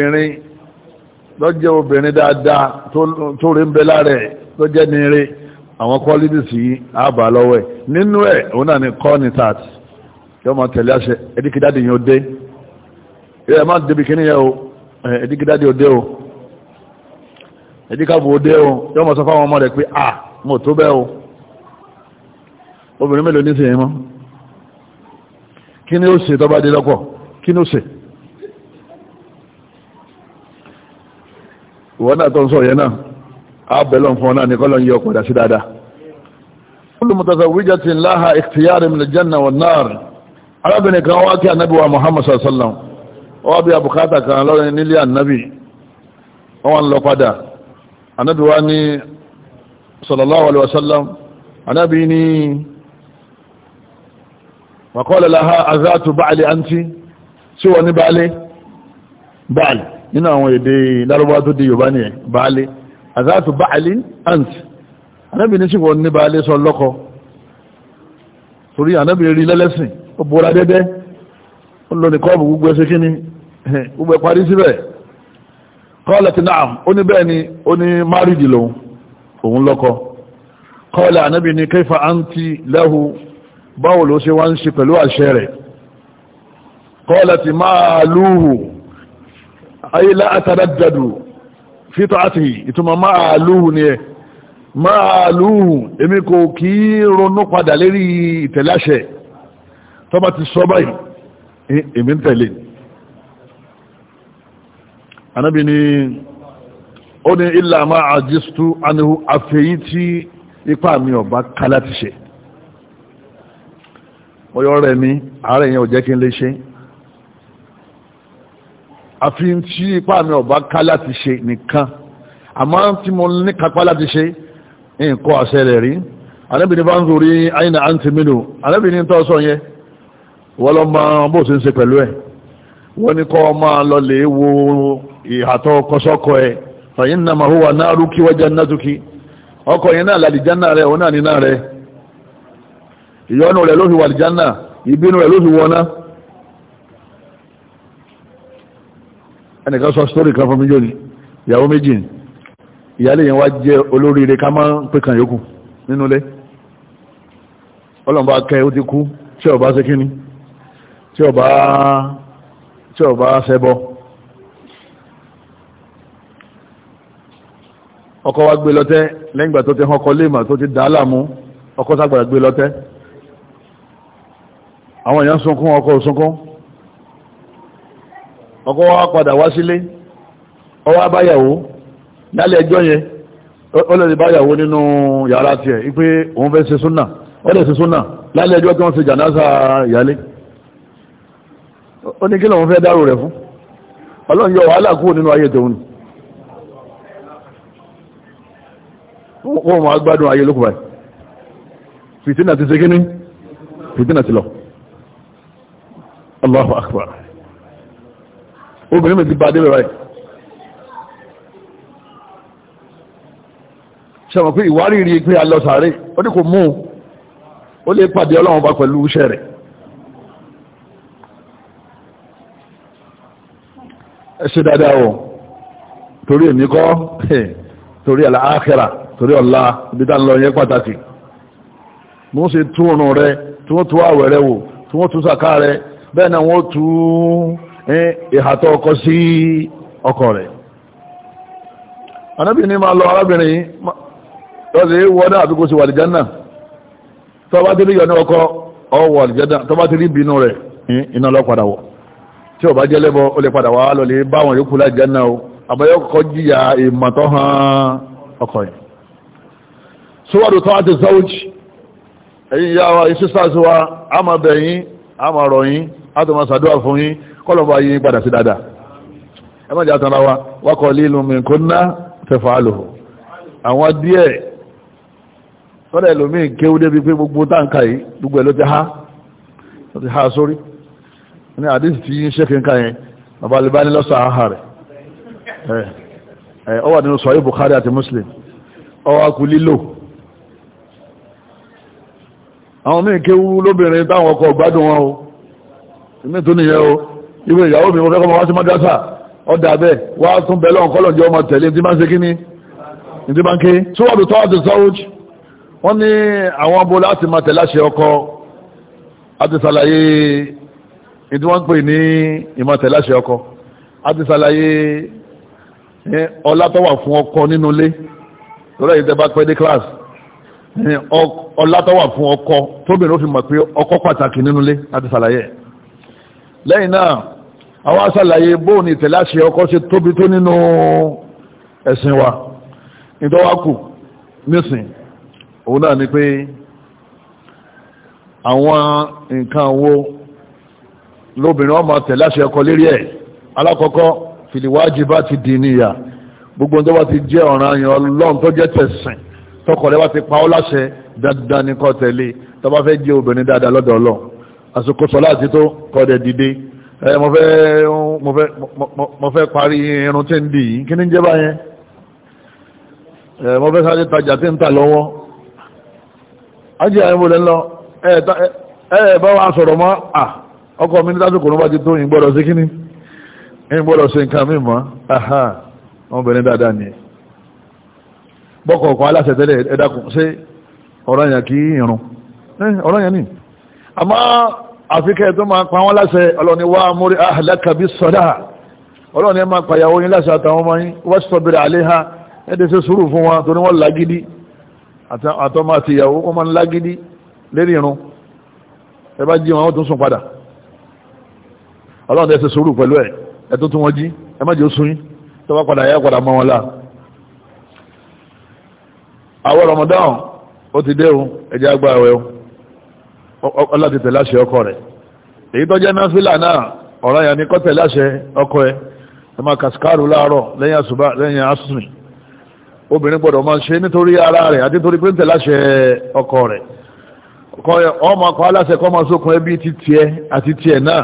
èèyàn lọ́jẹ́ obìnrin dáadáa tó rí ń bẹ lára ẹ̀ lọ́jẹ́ ní eré àwọn kọ́lídì sí àbà lọ́wọ́ ẹ̀ nínú ẹ̀ òun náà ni kọ́ni tàt yóò máa tẹ̀lé àṣẹ ẹ̀díkídádì yóò dé yóò ẹ̀ máa débi kíní yẹ o ẹ̀díkídádì yóò dé o ẹ̀díkàbù yóò dé o yóò máa sọ fáwọn ọmọ rẹ̀ pé à mo tó bẹ́ẹ̀ o obìnrin mélòó ní sèyí mọ́ kí ó ṣe tó dé lọ́pọ̀ kí ó ṣe ìwọ́n náà tó ń sọ yẹn náà abẹ́lọ́n fún náà ní kọ́lọ̀ yọ padà sí dáadáa kullu mutazawwijatin laha ikhtiyar min aljanna wan nar arábìnrin kan wá kí anábì wa muhammad sallallahu wọ́n bí abùkátà kan lọ́rin nílé anábì wọ́n lọ padà anábì wa ní sallallahu alaihi wasallam anábì ní wa qala azatu ba'li anti sí wọ́n ní ba'li ba'li nínú àwọn èdè lárúbá tó di yorùbá nìyẹn baálé àzáàtù báàlì àǹtì anábì ní sífọ̀ ní baálé sọ lọ́kọ torí anábì rí lẹ́lẹ́sìn ó bóra dẹ́dẹ́ ó lọ ní kọ́ọ̀bù gbogbo ẹsẹ̀ kíní *laughs* gbogbo parí síbẹ̀ kọ́ọ̀lá ti náà ó ní bẹ́ẹ̀ ni ó ní márìdì lòun òun lọ́kọ kọ́ọ̀lá anábì kẹfà àǹtì lẹ́hu báwo ló ṣe wá ń ṣe pẹ̀lú àṣẹ rẹ̀ kọ́ọ̀lá ti máa lúhù ayé la àtàdàdàdù fítọ́ àti ìtumọ̀ máa lùhù ni ẹ máa lùhù èmi kò kí ronú padà lérí ìtẹ̀láṣẹ tó bá ti sọ báyìí èmi ń tẹ̀lé anábì ni ó ní ilà máa àjíṣtú anihu àfẹ́yí tí ipá mi ọ̀bá kálá ti ṣe ọyọ́ rẹ̀ mi ààrẹ yẹn ò jẹ́ kí n lè ṣe àfi tí ipá mi ọ̀bá ká láti ṣe nìkan àmọ́ tí mo ní kápá láti ṣe nǹkan àṣẹ rẹ̀ rí anábìnrin bá ń zorí àyìnà àǹtí mínú anábìnrin tó sọ yẹn wọ́n lọ máa bó ṣe ń ṣe pẹ̀lú ẹ̀ wọ́n ní kọ́ máa lọ lè wo ìhàtọ̀ kọ́sọ́kọ́ ẹ̀ fàyín náà máa hùwà náà rú kí wọ́n jẹ́ náà tukí ọkọ̀ yẹn náà rẹ̀ òun náà rẹ̀ ìyọnu rẹ̀ ló fi wà ìbínú rẹ̀ ló fi wọ́n náà ẹnìkan sọ sítórì kan fún mi jóni ìyàwó méjì ni ìyálé yẹn wá jẹ́ olóríire ká máa ń pè kàn yókù nínú ilé ọlọ́mọba kẹ ó ti kú tí ọba ṣe kíní tí ọba tí ọba ṣẹbọ ọkọ wa gbé lọ́tẹ̀ lẹ́yìn ìgbà tó ti hàn ọkọ léèmà tó ti dà á láàmú ọkọ sàgbàrà gbé lọ́tẹ̀ àwọn èèyàn sunkún ọkọ sunkún ọkọ wa padà wá sílé ọwọ́ abáyàwó lálẹ́ ẹjọ́ yẹn ó lè báyàwó nínú yàrá tiẹ̀ wípé òun fẹ́ ṣe súnà ó lè ṣe súnà lálẹ́ ẹjọ́ tí wọ́n ṣe jàǹdásà ìyálé ó ní kí lòun fẹ́ dárò rẹ̀ fún ọlọ́run yọ wàhálà kúrò nínú ayé tòun wọ́n máa gbádùn ayé lókùnbà fìtínà ti ṣe kíní fìtínà ti lọ Allahu akbar obìnrin mi ti bá débẹ̀ báyìí ṣàmọ̀ pé ìwárìrì pé a lọ sàárè ó ní kò mú ó lè pàdé ọlọ́run bá pẹ̀lú iṣẹ́ rẹ̀ ẹ ṣe dáadáa o torí èmi kọ́ *laughs* torí àlàáhẹ́ra torí ọ̀la ibi tá ń lọ yẹn pàtàkì mo ṣe tún ọ̀nà rẹ tí wọ́n tún àwẹ̀ rẹ wò tí wọ́n tún sàká rẹ bẹ́ẹ̀ náà wọ́n tún ìhà tó ọkọ sí ọkọ rẹ̀ anábìnrin máa lọ arábìnrin lọ́sẹ̀ wọ́dá àbí kó sí wàlìjánà tó bá ti rí yọ ní ọkọ ọwọ́ wàlìjánà tó bá ti rí bínú rẹ̀ iná lọ padà wọ̀ tí ó bá jẹ́ lẹ́bọ ó lè padà wá lọ lè bá wọn yókù lájánà o àbáyọ́ kọ́ jíyà ìmọ̀tọ́ hàn ọkọ yẹn síwádìí tó àti zawj ẹ̀yìn yáwa iṣẹ́ sáà sí wa a bẹ̀yìn a máa rọ̀ yín fún yín kọ́lọ̀bọ̀ ayé padà sí dáadáa ẹ má jẹ́ àtàrà wa wákọ̀ lílu mi kó ná fẹ̀fà lò àwọn díẹ̀ tọ́lá ẹlòmíì kéwú débi pé gbogbo táǹkà yìí gbogbo ẹ̀ ló ti há ló ti há sórí ní àdísì tí yín ṣe kínkà yẹn bàbá alẹ́ bá ní lọ́sàn Muslim ọ wá kú lílò àwọn míì kéwú lóbìnrin táwọn ọkọ̀ gbádùn wọn o ìmí tó nìyẹn o ìwé ìyàwó mi mo fẹ́ kọ́ ma wá sí madrasa ọ̀dà bẹ́ẹ̀ wá tún bẹ́ẹ̀ lọ́wọ́ jẹ́ ọmọ tẹ̀lé ní ti máa ń ṣe kí ni ní ti máa ń ké tí wọ́n tó àti sọ́wọ́j wọ́n ní àwọn abo láti máa tẹ̀lé àṣẹ ọkọ àti ṣàlàyé ní tí wọ́n ń pè ní ìmọ̀ tẹ̀lé àṣẹ ọkọ àti ṣàlàyé ọlá tó wà fún ọkọ nínú ilé lọ́rọ̀ yìí tẹ́ bá pẹ́ dé class ọlá tó wà fún ọkọ tóbìnrin lẹ́yìn náà àwọn aṣàlàyé bóòní ìtẹ̀láṣẹ ọkọ ṣe tóbi tó nínú ẹ̀sìn wa ìdọ́wákù nísìn òun náà ni pé àwọn nǹkan wo lóbìnrin ọmọ tẹ̀láṣẹ ọkọ lérí ẹ̀ alákọ̀ọ́kọ́ fìdíwájì bá ti dì níyà gbogbo tó bá ti jẹ́ ọ̀ràn àyàn ọlọ́run tó jẹ́ tẹ̀sìn tọkọ̀ rẹ̀ bá ti pa ọ́ láṣẹ dandan ní kó tẹ̀lé tó bá fẹ́ jẹ́ obìnrin dáadáa lọ́dọ̀ ọlọ́run àsìkò sọ́lá àti tó kọ́dẹ̀ dìde mo fẹ́ parí irun tí ń dì yìí kí ní jẹ́ báyẹn mo fẹ́ sáré tajà tí ń tà lọ́wọ́ ajé àyẹ̀mọ́lẹ̀ lọ ẹ̀ bá wa sọ̀rọ̀ mọ́ à ọkọ̀ mi ní lásìkò ní bá ti tó ìgbọ́dọ̀ sí kíní ìgbọ́dọ̀ sí nǹkan mi mọ́ aha ọmọbìnrin dáadáa ni bọ́kọ̀ọ̀kọ̀ aláṣẹ tẹ́lẹ̀ ẹ̀dàkùn sí ọ̀rọ̀ yẹn kí irun ọ̀rọ̀ yẹn nìyí àmọ́ àfikẹ́ tó máa pa wọ́n láṣẹ ọlọ́ni wá múrí àhàlákàbí sọ́dá ọlọ́ni ẹ máa pàyàwó yín láṣẹ àtàwọn ọmọ yín wọ́n sọ́bìrì àléhà ẹ̀dẹ̀ sí sùúrù fún wọn tó ní wọ́n lágídí àtọ́mọ àti ìyàwó wọ́n máa ń lágídí lérí irun ẹ bá jí wọn wọ́n tún sùn padà ọlọ́ni ẹ sí sùúrù pẹ̀lú ẹ̀ ẹ tó tún wọn jí ẹ má jẹ́ sùn yín tó bá padà yá padà mọ́ wọn lá ọláti tẹ̀lé ọkọ rẹ̀ èyí náà ọ̀rọ̀ ọkọ ẹ ẹ máa kàṣíkàrù láàárọ̀ lẹ́yìn àṣùbà lẹ́yìn obìnrin gbọ́dọ̀ máa ṣe nítorí ara rẹ̀ àti nítorí pé ti àti náà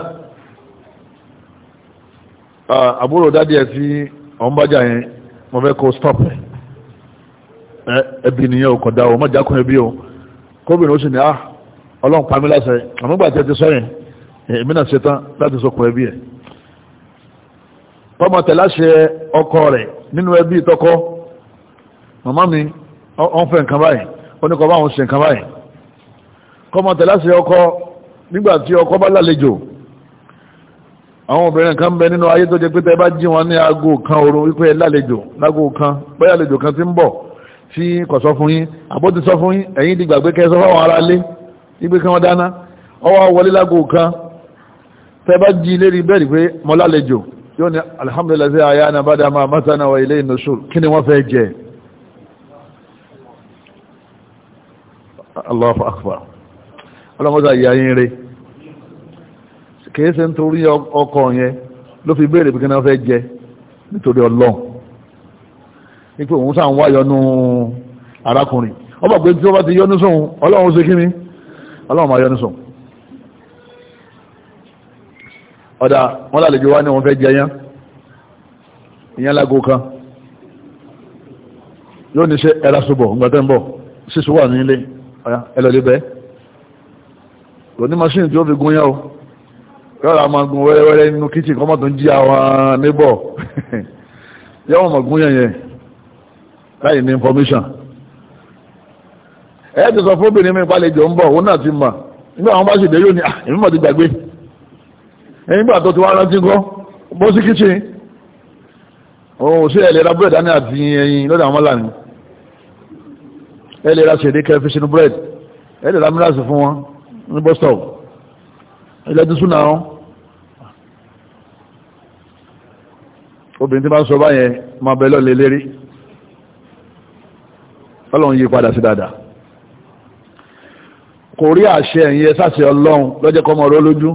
àbúrò dádì yẹn mo fẹ́ kó stop ẹbí nìyẹn ò ẹbí o ọlọ́run pàmí láṣẹ àmúgbà tí a ti sọ yẹn èmi náà ṣetán láti sọkùn ẹbí ẹ̀ tọ́mọ tẹ̀ láṣẹ ọkọ rẹ̀ nínú ẹbí tọkọ màmá mi ọ̀n fẹ́ nǹkan báyìí ó ní kọ́ bá òun ṣe nǹkan báyìí kọ́mọ tẹ̀ láṣẹ ọkọ nígbà tí ọkọ bá lálejò àwọn obìnrin kan bẹ nínú ayé tó jẹ pé tẹ́ bá jí wọn ní aago kan òru wípé ẹ lálejò láago kan bóyá àlejò kan ti ń bọ̀ tí kò sọ fún yín àbó ti sọ fún yín ẹ̀yin ti gbàgbé kẹ́ sọ fáwọn ará lé igbe kan dáná ọwọ́ wọlé lágò kan tẹbá jí lérí bẹ́ẹ̀rì pé mọ́lálejò yóò ní alhamdulillah sí àyà náà bada máa mátánà wà ilé ìnusur kí ni wọ́n fẹ́ jẹ Allahu akbar ọlọ́mọ́sá ìyáyín rẹ̀ kìí ṣe nítorí ọkọ̀ yẹn ló fi bẹ́ẹ̀rì pé kí ni wọ́n fẹ́ jẹ nítorí ọlọ́n wípé òun sáà ń wáyọnú arákùnrin ọba pé tí wọ́n bá ti yọnú sóhun ọlọ́run ṣe kí ni ọlọ́run máa yọ nísùn ọ̀dà wọ́n lálejò wá ní wọ́n fẹ́ jẹyán ìyẹn lágó kan yóò ní ṣe ẹ̀rá ṣubọ̀ ǹgbàtẹ́ ń bọ̀ sísú wà nílé ẹlọ́lẹ́ bẹ́ẹ̀ kò ní maṣíìnì tí ó fi gun yá o yọ́ra máa gun wẹ́rẹ́wẹ́rẹ́ nínú kìtì kọ́mọ̀ tó ń jí àwọn níbọ̀ yọ́wọ́n máa gun yẹn yẹn láì ní information ẹ ti sọ fún obìnrin mi ìpalẹ̀jọ ń bọ̀ òun náà ti mọ̀ nígbà wọn bá sì dé yóò ní ah, èmi mọ̀ ti gbàgbé ẹ̀yìn gbà tó ti wá rántí kọ́ bó sí kíchìn òun sí ẹ̀lẹ́ra búrẹ́dì dání àti ẹyin lọ́dọ̀ àwọn láàrin ẹ̀lẹ́ra ṣèdí kẹfì sínú búrẹ́dì ẹ̀lẹ́ra mìíràsì fún wọn ní bọ́stọ̀ ilẹ̀ tí súnà wọn obìnrin tí bá ń sọ báyẹn máa bẹ lọ́lẹ̀ lérí ọlọ́run yí padà sí dáadáa kò rí àṣẹ ẹ̀yìn ẹ̀sàṣẹ ọlọ́run lọ́jẹ́ kọmọ ọ̀rọ̀ lójú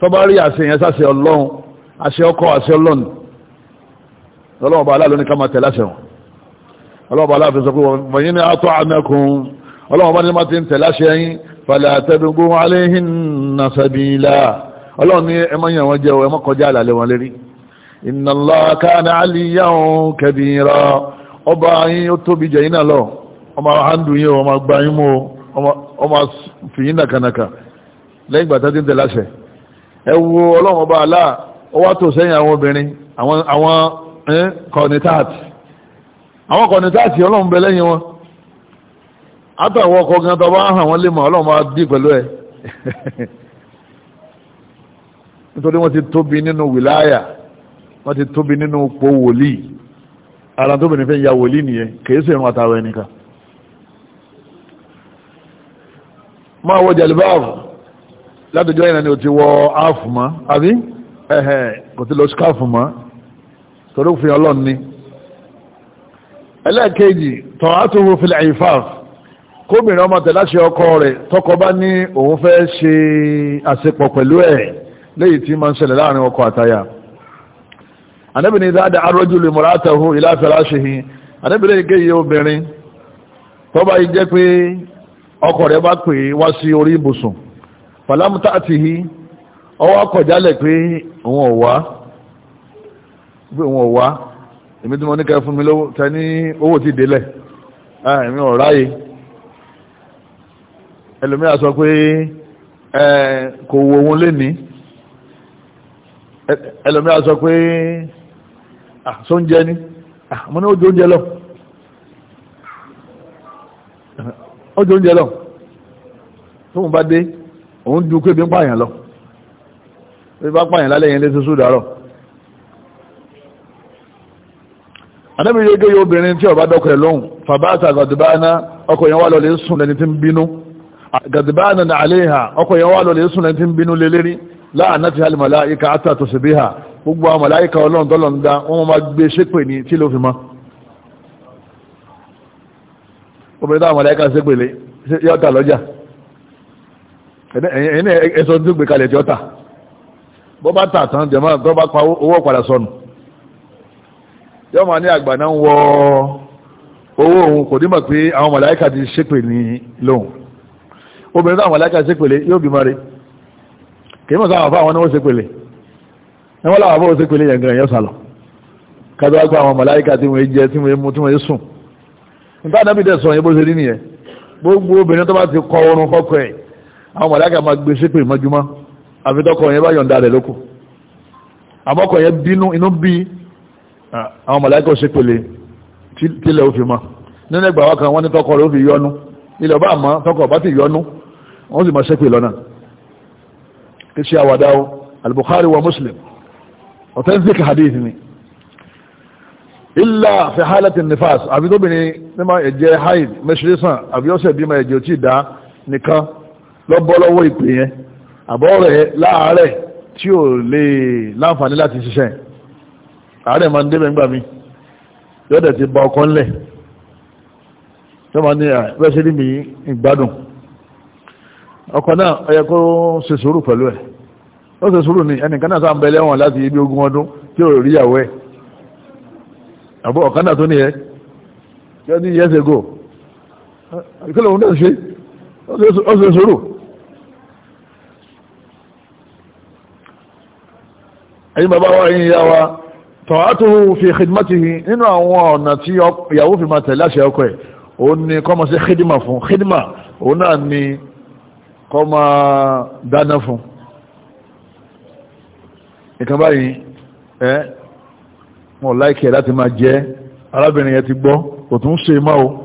tó bá rí àṣẹ ẹ̀yìn ẹ̀sàṣẹ ọlọ́run àṣẹ ọkọ̀ àṣẹ ọlọ́run lọ́lọ́wọ́ bá aláàlú ní ká máa tẹ̀láṣẹ wọn ọlọ́wọ́ bá aláàfin sọ pé wọ́n yín ní atọ́ àmẹ́kùn ọlọ́wọ́ bá ní má ti ń tẹ̀láṣẹ yín fàlẹ́ àtẹ́bígbó aléhìn nàṣàbílà ọlọ́run ní ẹ máa wọ́n jẹ́ ẹ ọmọ fìyín nàkànàkà lẹ́yìn ìgbà tó ti ń tẹ̀ láṣẹ ẹ wo ọlọ́run ọba àlá ó wá tò sẹ́yìn àwọn obìnrin àwọn kọ̀nìtáàtì àwọn kọ̀nìtáàtì ọlọ́run bẹ lẹ́yìn wọn àtàwọn ọkọ̀ gan tọba hàn wọ́n lè mọ̀ ọlọ́run máa dí pẹ̀lú ẹ̀ *laughs* nítorí wọ́n ti tóbi nínú wìláyà wọ́n ti tóbi nínú po wòlíì ara tóbi ya wòlíì nìyẹn kèé sèrun àtàwọn ẹnìkan ma wọ jẹ̀lìbáàfù látọjọ́ ìrìn ni o ti wọ áàfù mọ́ àbí ẹ̀hẹ̀ kò ti lọ skáàfù mọ́ torí òfin ọlọ́run ni ẹlẹ́ẹ̀kejì tọ́ àtúwò fìlẹ̀ ìfàf kóbìnrin ọmọ tẹ̀ láṣẹ ọkọ rẹ̀ tọkọ bá ní òun fẹ́ ṣe àṣepọ̀ pẹ̀lú ẹ̀ léyìí tí máa ń ṣẹlẹ̀ láàrin ọkọ ataya. anábì ní dáadáa arójú lè mọ̀rá àtàwọn ìlàfẹ́ láṣẹ yìí anábì lè kéyìí obìnrin tọ́ba yìí jẹ́ pé ọkọ rẹ̀ bá pè wá sí orí ibùsùn pàlámùtà àti hí ọwọ́ kọjálẹ̀ pé òun ò wá pé òun ò wá èmi tí mo ní kẹfún mi lówó tẹ ní owó ti délẹ̀ èmi ò ráyè ẹlòmíà sọ pé kò wo òun lénìí ẹlòmíà sọ pé sóúnjẹ ni mo ní ó jẹ oúnjẹ lọ. ó jẹ oúnjẹ lọ tó ń bá dé òun ju kébi ń pààyàn lọ bí bá pààyàn lálẹ́ yẹn lé sísú dàárọ̀ yóò gé obìnrin tí ọba dọ́kọ̀ ẹ̀ lóhùn gàdùbáná ọkọ̀ yẹn wà lọ lè sùn lẹ́ni tí ń bínú gàdùbáná nà àléhà ọkọ̀ yẹn wà lọ lè sùn lẹ́ni tí ń bínú lélẹ́rí láàánà ti halimọ̀lá wọ́n máa gbé ṣépè ní tí ló obìnrin táwọn mọ̀lẹ́kà sí pèlè yọ́ta lọ́jà ẹ̀yìn ẹ̀sọ́ tó gbé kalẹ̀ tí ó tà bọ́ bá tà tán jẹ̀mọ́ tó bá pa owó padà sọnù yọ́ ma ní àgbà náà wọ owó òun kò dímọ̀ pé àwọn mọ̀lẹ́kà ti ṣépè ní lóhùn obìnrin táwọn mọ̀lẹ́kà sí pèlè yóò bímọ rẹ̀ kìí sáwọn fáwọn ní wọ́n sí pèlè ní láwọn fáwọn sí pèlè yẹn gan yẹn sálọ kájọ́ gbà àwọn mọ̀lẹ́kà tí wọ́n jẹ tí wọ́n mú tí wọ́n sùn nípa ànábì dẹ̀ sọ̀rọ̀ yẹn bó ṣe rí nìyẹn gbogbo obìnrin tó bá ti kọ oorun kọkọ ẹ̀ àwọn màláìka máa gbé sípè mọ́júmọ́ àfi tọkọ yẹn bá yọ̀ǹda rẹ̀ lóko àmọ́kọ yẹn bínú inú bí àwọn màláìka òṣèpèlè tílẹ̀ ó fi mọ́ nínú ẹgbàá wa kan wọ́n ní tọkọ rẹ̀ ó fi yọnu ilẹ̀ ọba àmọ́ tọkọ ọba ti yọnu wọ́n sì máa ṣépè lọ́nà kí ṣe àwàdà o al-Bukhari wa Muslim authentic hadith ni ilà fi hálàtì nifas àbí tóbìnrin ní máa ẹ̀jẹ̀ haid mẹ́ṣírísàn àbí ọ̀sẹ̀ bí máa ẹ̀jẹ̀ ò tí ì dá nìkan lọ́bọ́ lọ́wọ́ ìpè yẹn àbọ̀ rẹ̀ láàárẹ̀ tí ò lè láǹfààní láti ṣiṣẹ́ àárẹ̀ máa ń débẹ̀ ńgbà mi yọ́dẹ̀ ti ba ọkọ̀ ńlẹ̀ tó máa ní àbẹ́sẹ̀ ní mi ìgbádùn ọkọ̀ náà ó yẹ kó ṣe sùúrù pẹ̀lú ẹ̀ ó ṣe sùúrù ni ẹnìkan náà sáà ń bẹ lẹ́wọ̀n láti ibi ogún ọdún tí ò ríyàwó ẹ̀ àbọ̀ ọ̀kadà tó nìyẹn twenty years ago ìkọlẹ̀ òun náà ṣe ó ṣe sọ̀rọ̀ ẹ̀yin bàbá wa ẹ̀yin ìyá wa tọ́wátòhù fi khidmatihi nínú àwọn ọ̀nà tí ìyàwó fi máa tẹ̀lé àṣẹ ọkọ ẹ̀ òun ni kọ́ máa ṣe khidma fún khidma òun náà ni kọ́ máa dáná fún ìkan báyìí ẹ́ wọn láìkí ẹ̀ láti máa jẹ́ arábìnrin yẹn ti gbọ́ kò tún ṣe má o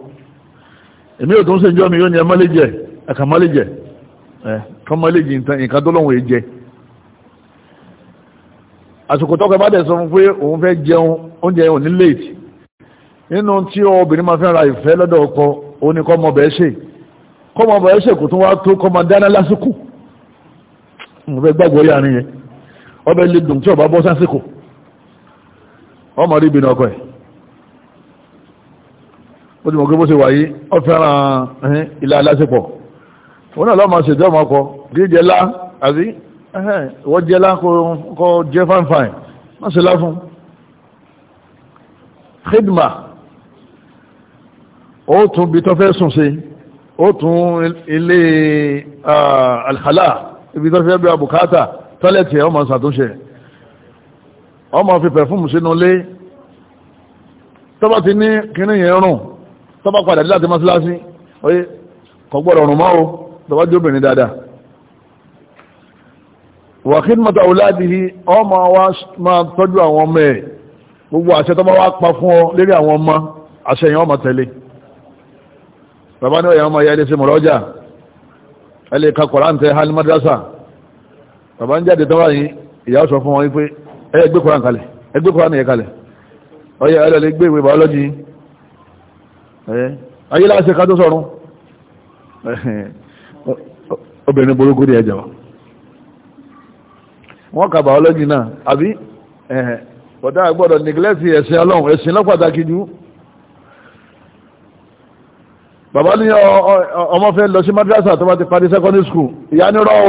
èmi ò tún ṣe jọ́ mi yóò ní ẹ mọ́lé jẹ ẹ̀ka mọ́lé jẹ ẹ̀ kọ́ mọ́lé jì nǹkan tó lọ́wọ́ èjẹ àsìkò tọ́kọ bá dẹ̀ sọ fún pé òun fẹ́ jẹun oúnjẹ yẹn léètì nínú tí obìnrin máa fẹ́ ra ìfẹ́ lọ́dọ̀ ọkọ òun ni kọ́ mọ ọmọ rí ìbìnà ọkọ̀ ẹ̀ ó ti mọ̀ pé bó ṣe wáyé ọ fẹ́ràn ilá aláṣepọ̀ òun náà lọ́mọ ṣèjọ́ ọmọ ọkọ̀ jíjẹ lá àbí wọ́n jẹ́ lá kó jẹ́ fáìfáì wọ́n ṣe lá fún khidma ó tún bí tọ́fẹ́ sùn sí ó tún ilé ah, alhala ibi tọ́fẹ́ bí abùkátà tọ́lẹ̀tì ọmọ ṣàtúnṣe ọmọ fi pẹ̀fúmù sínú ilé tọ́bá ti ní kíní yẹn rùn tọ́bá padà dé láti mọ́síláṣí oye kò gbọ́dọ̀ rùn mọ́ o tọ́bá jó obìnrin dáadáa wa khidmatu awladihi ọmọ wa máa tọ́jú àwọn ọmọ ẹ̀ gbogbo àṣẹ tọ́bá wa pa fún ọ lérí àwọn ọmọ àṣẹ yẹn ọmọ tẹ̀lé bàbá ní ọ̀yà ọmọ ya ilé sí mọ̀rọ́jà ẹlẹ́ka kọ̀rántẹ́ halimadrasa bàbá ń jáde tọ́wá yìí ìyá sọ fún wọn wípé ẹgbẹ́ koran kalẹ̀ ẹgbẹ́ koran yẹ ẹlẹ́lẹ́ gbé ìwé biology ayé láti ká tó sọ̀rún *laughs* obìnrin burúkú ní ẹjọ́ wọ́n ka biology náà àbí ọ̀dá gbọ́dọ̀ neglect ẹ̀sìn ọlọ́run ẹ̀sìn lọ́pàtàkì bàbá ní ọmọ fẹ́ lọ sí madrasa tó bá ti parí secondary school ìyá ní rọ́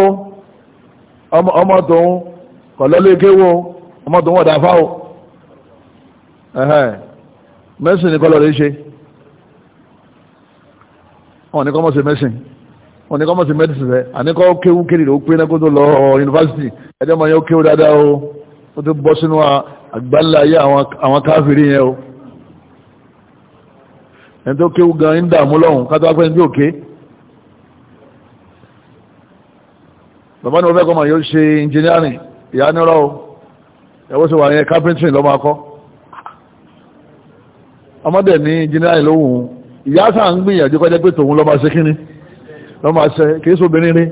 ọmọ tó wọ́n dá fá o mẹ́sìn ní kọ́lọ̀ rẹ̀ ṣe wọ́n ní kọ́ mọ́ sí mẹ́sìn wọ́n ní kọ́ mọ́ sí mẹ́dísìn rẹ̀ àníkọ́ kéwú kéde ó pé nákó tó lọ yunifásitì ẹjọ́ máa yọ kéwú dáadáa o ó ti bọ́ sínú àgbáńlá ayé àwọn káfíìrì yẹn o ẹni tó kéwú gan ń dààmú lọ́hùn kátó wáfẹ́ ní òkè bàbá ni wọ́n fẹ́ kọ́ máa yọ ṣe engineering ìyá nírọ́ o ẹ̀wọ́ sí wà ní carpentry lọ́mọ akọ́ ọmọdé ní general lóhùn ìyá sáà ń gbìyànjú kọjá pé tòun lọ́mọ ṣe kíní lọ́mọ ṣe kìí sóbìnrin rí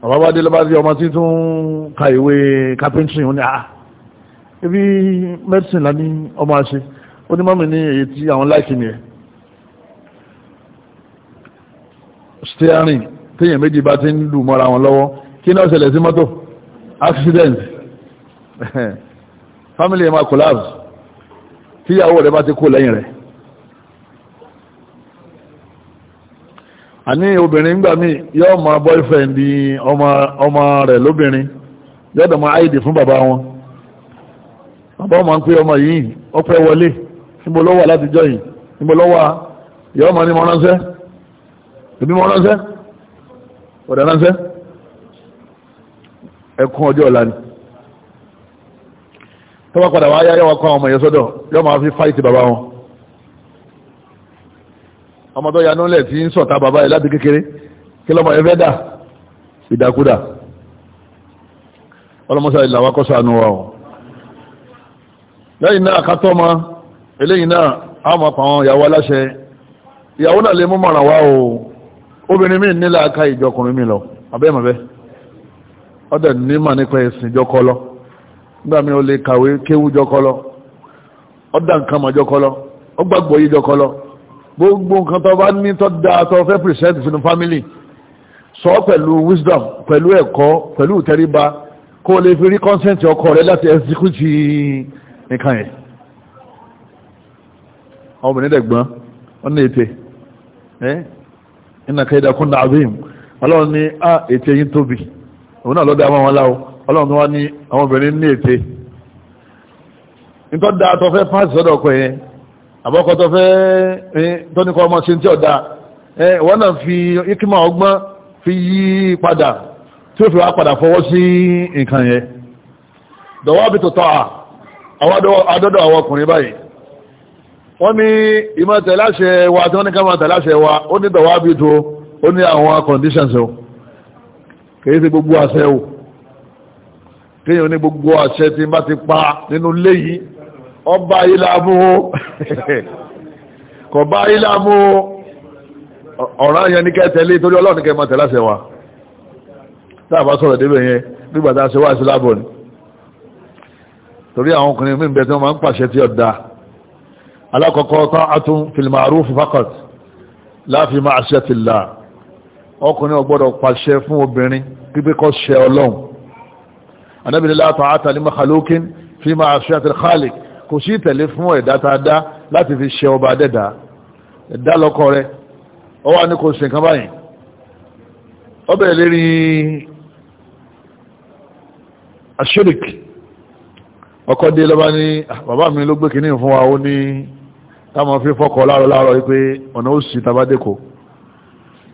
bàbá bá dé lọ́ba sí ọmọ tí tún ka ìwé carpentry ó ní à ah, ibi medicine la ní ọmọ ṣe ó ní mọ́mí ní èyí tí àwọn láìkì nìyẹn steering téèyàn méjì bá ti ń lù mọ́ra wọn lọ́wọ́ kí ni ṣẹlẹ̀ sí mọ́tò accident *laughs* family ma collapse ti yawo re ba ti ku leyin re ani obirin gba mi yo ma boyfriend ni oma oma re lobirin je do ma id fun baba won baba ma npe oma yi o pe wole nbo lo wa lati join nbo lo wa yo ma ni mo ranse ebi mo ranse o da ranse ẹkún ọjọ́ ọ̀la ni tọ́wọ́ padà wáyá yọ́ wọ́n kọ́ ọmọ yẹn sọ́dọ̀ yọ́ máa fi fáìtì bàbá wọn ọmọ tó yanú lẹ̀ tí ń sọ̀tà bàbá yẹn láti kékeré kí lọ́mọ yẹn fẹ́ dà ìdàkúdà ọlọ́mọsá ìlà wa kọ́sà nù wa o lẹ́yìn náà kátọ́ ma eléyìn náà a máa pa àwọn ìyàwó aláṣẹ ìyàwó náà lè mú mọ̀ràn wá o obìnrin mi nílà ká ìjọkùnrin mi lọ abẹ́ mọ̀ ọ̀dẹ̀ nímọ̀ nípa ẹ̀sìn jọkọlọ nígbà mi ò lè kàwé kéwú jọkọlọ ọ̀dà nǹkan mọ̀ jọkọlọ ó gbàgbọ́ yí jọkọlọ gbogbo nǹkan tó bá ní tó dáa tó fẹ́ present sínú family sọ pẹ̀lú wisdom pẹ̀lú ẹ̀kọ́ pẹ̀lú ìtẹríba kó o lè fi rí consent ọkọ rẹ láti execute nìkan yẹn ọmọbìnrin dẹ̀gbọ́n wọ́n ní ètè ẹ́ ìnàkẹ́ ìdàkúndà àbíyàn ọlọ́run ní à ah, ètè yín tóbi òun náà ló dá wọn láwo ọlọ́run tó ní àwọn obìnrin ní ète nítorí dáa tó fẹ́ fáàsì sọ́dọ̀ ọkọ yẹn àbọ̀kọ tó fẹ́ tó ní kọ́ ọmọ ṣe tí fi ikima ọgbọ́n fi yí padà tí ó fi wá padà fọwọ́ sí nǹkan yẹn dọ̀wọ́ bí tó tọ́ à adọ́dọ̀ àwọn ọkùnrin báyìí wọ́n ní ìmọ̀ wa tí wọ́n ní ká wa kìí ṣe gbogbo àṣẹ o kéèyàn ní gbogbo àṣẹ tí n bá ti pa nínú ilé yìí ọba yìí láàmú o *laughs* kò bá yìí láàmú o ọ̀ràn yẹn ní kẹ́tẹ̀lé torí ọlọ́run kẹ́ máa tẹ̀láṣẹ wa tá a bá sọ̀rọ̀ débẹ̀ yẹn nígbà tá a ṣe wá sí lábọ̀ ni torí àwọn ọkùnrin mí bẹ tí wọ́n máa ń pàṣẹ tí ọ̀dà alákọ̀ọ́kọ́ tá a tún fil ma'ruf faqat la fi ma'asiyatillah ọkùnrin ọgbọ́dọ̀ pàṣẹ fún obìnrin pípẹ́ kọ́ ṣẹ ọlọ́run anábìrì látọ̀ àtàlí makhalokin fi máa ṣe àti khalik kò sí tẹ̀lé fún ẹ̀dá tá a dá láti fi ṣe ọba dẹ́dà ẹ̀dá lọ́kọ rẹ ọ wà ní kò sí nǹkan báyìí ọbẹ̀ lérí asherik ọkọ dé lọ́ba ní ah, bàbá mi ló gbé kínní fún wa ó ní táwọn fi fọkọ̀ láàrọ̀ láàrọ̀ wípé ọ̀nà ó sì tabadeko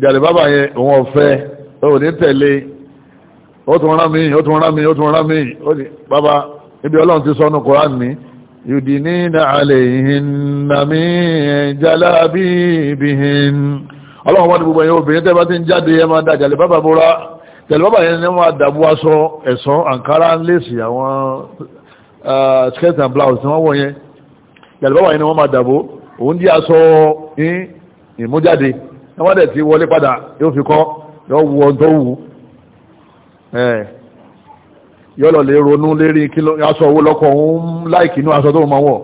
jàdé bàbá yẹn òun ọ̀fẹ́ ó ní tẹ̀lé ó tún rán mi ó tún rán mi ó tún rán mi ó ní bàbá ibi ọlọ́run ti sọnù koran ní yudinina alayhinna min jalabibihin ọlọ́run wọ́n ti gbogbo ẹ̀yìn obìnrin tẹ́ bá ti ń jáde ẹ máa da jàdé bàbá bóra jàdé bàbá yẹn ni wọ́n àdàbò aṣọ ẹ̀sán àǹkárá ń lèsì àwọn skirt and blouse tí wọ́n wọ̀ yẹn jàdé bàbá yẹn ni wọ́n máa dàbò òun dí aṣọ ìmújáde wọ́n dẹ̀ ti wọlé padà yóò fi kọ́ yóò wọ tó wù yóò lọ lè ronú lérí aṣọ owó lọ́kọ̀ òun láìkì inú aṣọ tó máa wọ̀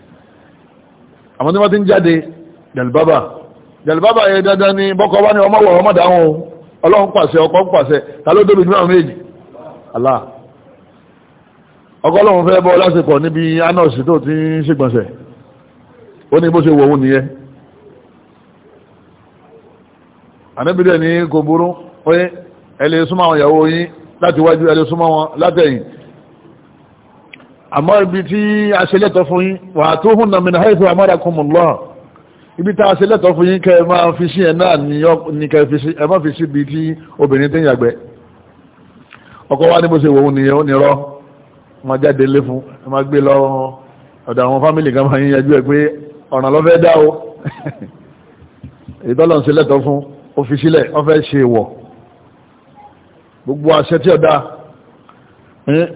*laughs* àwọn tí wọ́n ti ń jáde jàlùbábà jàlùbábà yẹ dandan ni bọ́kọ wá ní ọmọ wọ̀ ọmọ dáhùn ọlọ́run pàṣẹ ọkọ pàṣẹ ta ló débi jùlọ méjì Allah ọkọ ọlọ́run fẹ́ bọ́ lásìkò níbi anọ́ọ̀sì tó ti ń ṣègbọ̀nsẹ̀ ó ní bó ṣe wọ̀ òun nìyẹn ànábìdẹ̀ ní kò burú oyé ẹlẹ́ súnmọ́ àwọn ìyàwó yín láti wájú ẹlẹ́ súnmọ́ wọn látẹ̀yìn àmọ́ ibi tí a ṣe lẹ́tọ̀ fún yín wà tó hùn nà mìíràn haifu amarakumullah ibi tí a ṣe lẹ́tọ̀ fún yín kẹ́ máa fi sí ẹ̀ náà ní kẹ́ ẹ má fi sí ibi tí obìnrin tí ń yàgbẹ́ ọkọ wa ní bó ṣe wòun nìyẹn ó ní rọ ma jáde lé fún ẹ má gbé lọ ọ̀dọ̀ àwọn fámìlì kan máa yín yanjú ẹ pé ọ̀ràn lọ́fẹ́ dá o ìtọ́lọ̀ *laughs* ń ṣe lẹ́tọ̀ fún òfìsílẹ̀ ọfẹ́ ṣe wọ̀ gbogbo àṣẹ tí ó dá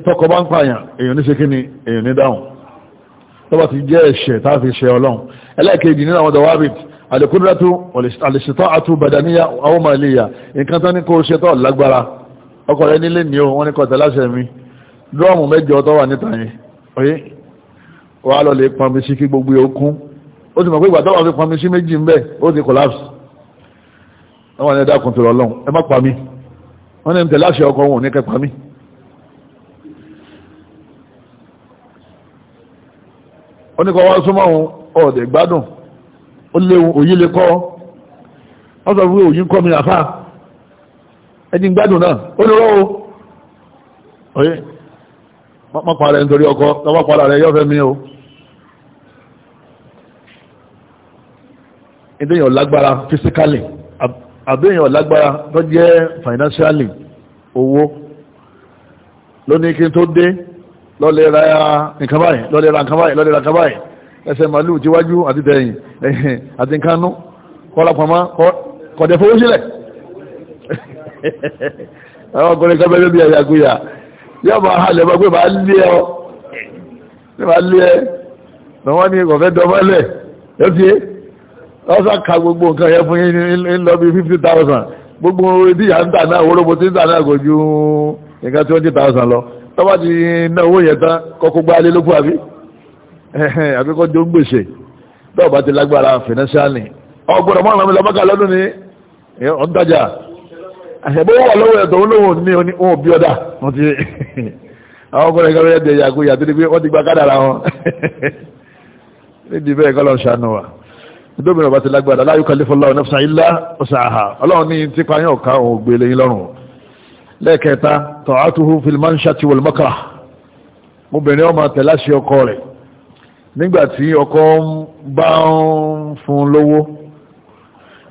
tọkọ bá ń pààyàn èèyàn ní ṣe kí ni èèyàn ní dáhùn tọ́bà ti jẹ́ ẹ̀ṣẹ̀ tàbí ṣe ọlọ́run ẹlẹ́ẹ̀kejì nínú àwọn dawabit alìkúnrẹ́tù alìṣìta'atu badaniya aw maliya nǹkan tán ní kó ṣe tọ́ lágbára ọkọ̀ rẹ nílé ní o wọ́n ní kọ̀tẹ̀ láṣẹ mi dúrọ́ọ̀mù mẹ́jọ tó wà níta yẹn oyé wà lọ lè pọnmi sí kí gbogbo okun ó ti mọ̀ pé ìgbà tó fi pọnmi sí méjì ń bẹ̀ ó ti collapse wọ́n ní dákun tó lọ́lọ́run ẹ má pa mí wọ́n ní tẹ̀lé àṣẹ ọkọ wọn ò ní kẹ́ pa mí. ó ní kọ́ wá súnmọ́ òun ọ̀dẹ̀ gbádùn ó léwu òyìn lè kọ́ wọ́n sọ fún òyìn kọ́ mi àfà ẹni gbádùn náà ó lè rọ́wọ́ ọ̀yẹ́ má pa rẹ̀ nítorí ọkọ lọ́wọ́ pa rẹ̀ yọ́ fẹ́ mi o. ìdíyàn lágbára fisikálì àbẹ́yàn lágbára tó jẹ́ financially owó lóní kí n tó dé lọ́lẹ̀ ra nǹkan báyìí lọ́lẹ̀ ra nǹkan báyìí lọ́lẹ̀ ra nǹkan báyìí ẹsẹ̀ màálù tíwájú àti tẹ̀yìn ẹ̀yìn àti nkánú kọ́lápamá kọ̀dẹ̀ fowó sílẹ̀ *laughs* àwọn ọkùnrin kan bẹ́ẹ̀ bí ẹ̀yà gbéyà yóò máa halẹ̀ bá pé máa lé ọ ní máa lé ẹ lọ́wọ́ ní kọ̀fẹ́ dọ́mọ́lẹ̀ yóò fi lọ́sà ka gbogbo nǹkan yẹn fún yín ń lọ bí fifty thousand gbogbo etí yà ń tà náà wọ́rọ́bọ tí ń tà náà kò ju nǹkan twenty thousand lọ tọ́ba ti ná owó yẹn tán kọ́kọ́ gbá lé lókù àbí àbíkọ́ jó ń gbèsè tọ́ba ti lágbára financially ọgbọ̀dọ̀ mọ́ àwọn ọmọ ìlọ́mọ́ka lọ́dún ní ọ̀dájà àṣẹ̀bó wà lọ́wọ́ ẹ̀tọ́ olówó ní ohun bí ọ̀dà wọ́n ti *laughs* àwọn ọgbọ̀dọ̀ ìgbà rẹ̀ dẹ̀ yàgò yàtọ̀ pé wọ́n ti gba kádàrà wọn *laughs* nídìí bẹ́ẹ̀ kọ́ lọ́ọ́ ìdóbìnrin ọba ti lágbàdà la yukallifu Allahu nafsan illa usaha ọlọ́run ní ti pa yàn ká òun gbélé yín lọ́rùn lẹ́ẹ̀kẹta ta'atuhu fil manshati wal makrah obìnrin ọmọ tẹ̀láṣẹ ọkọ rẹ̀ nígbàtí ọkọ bá ń fún lówó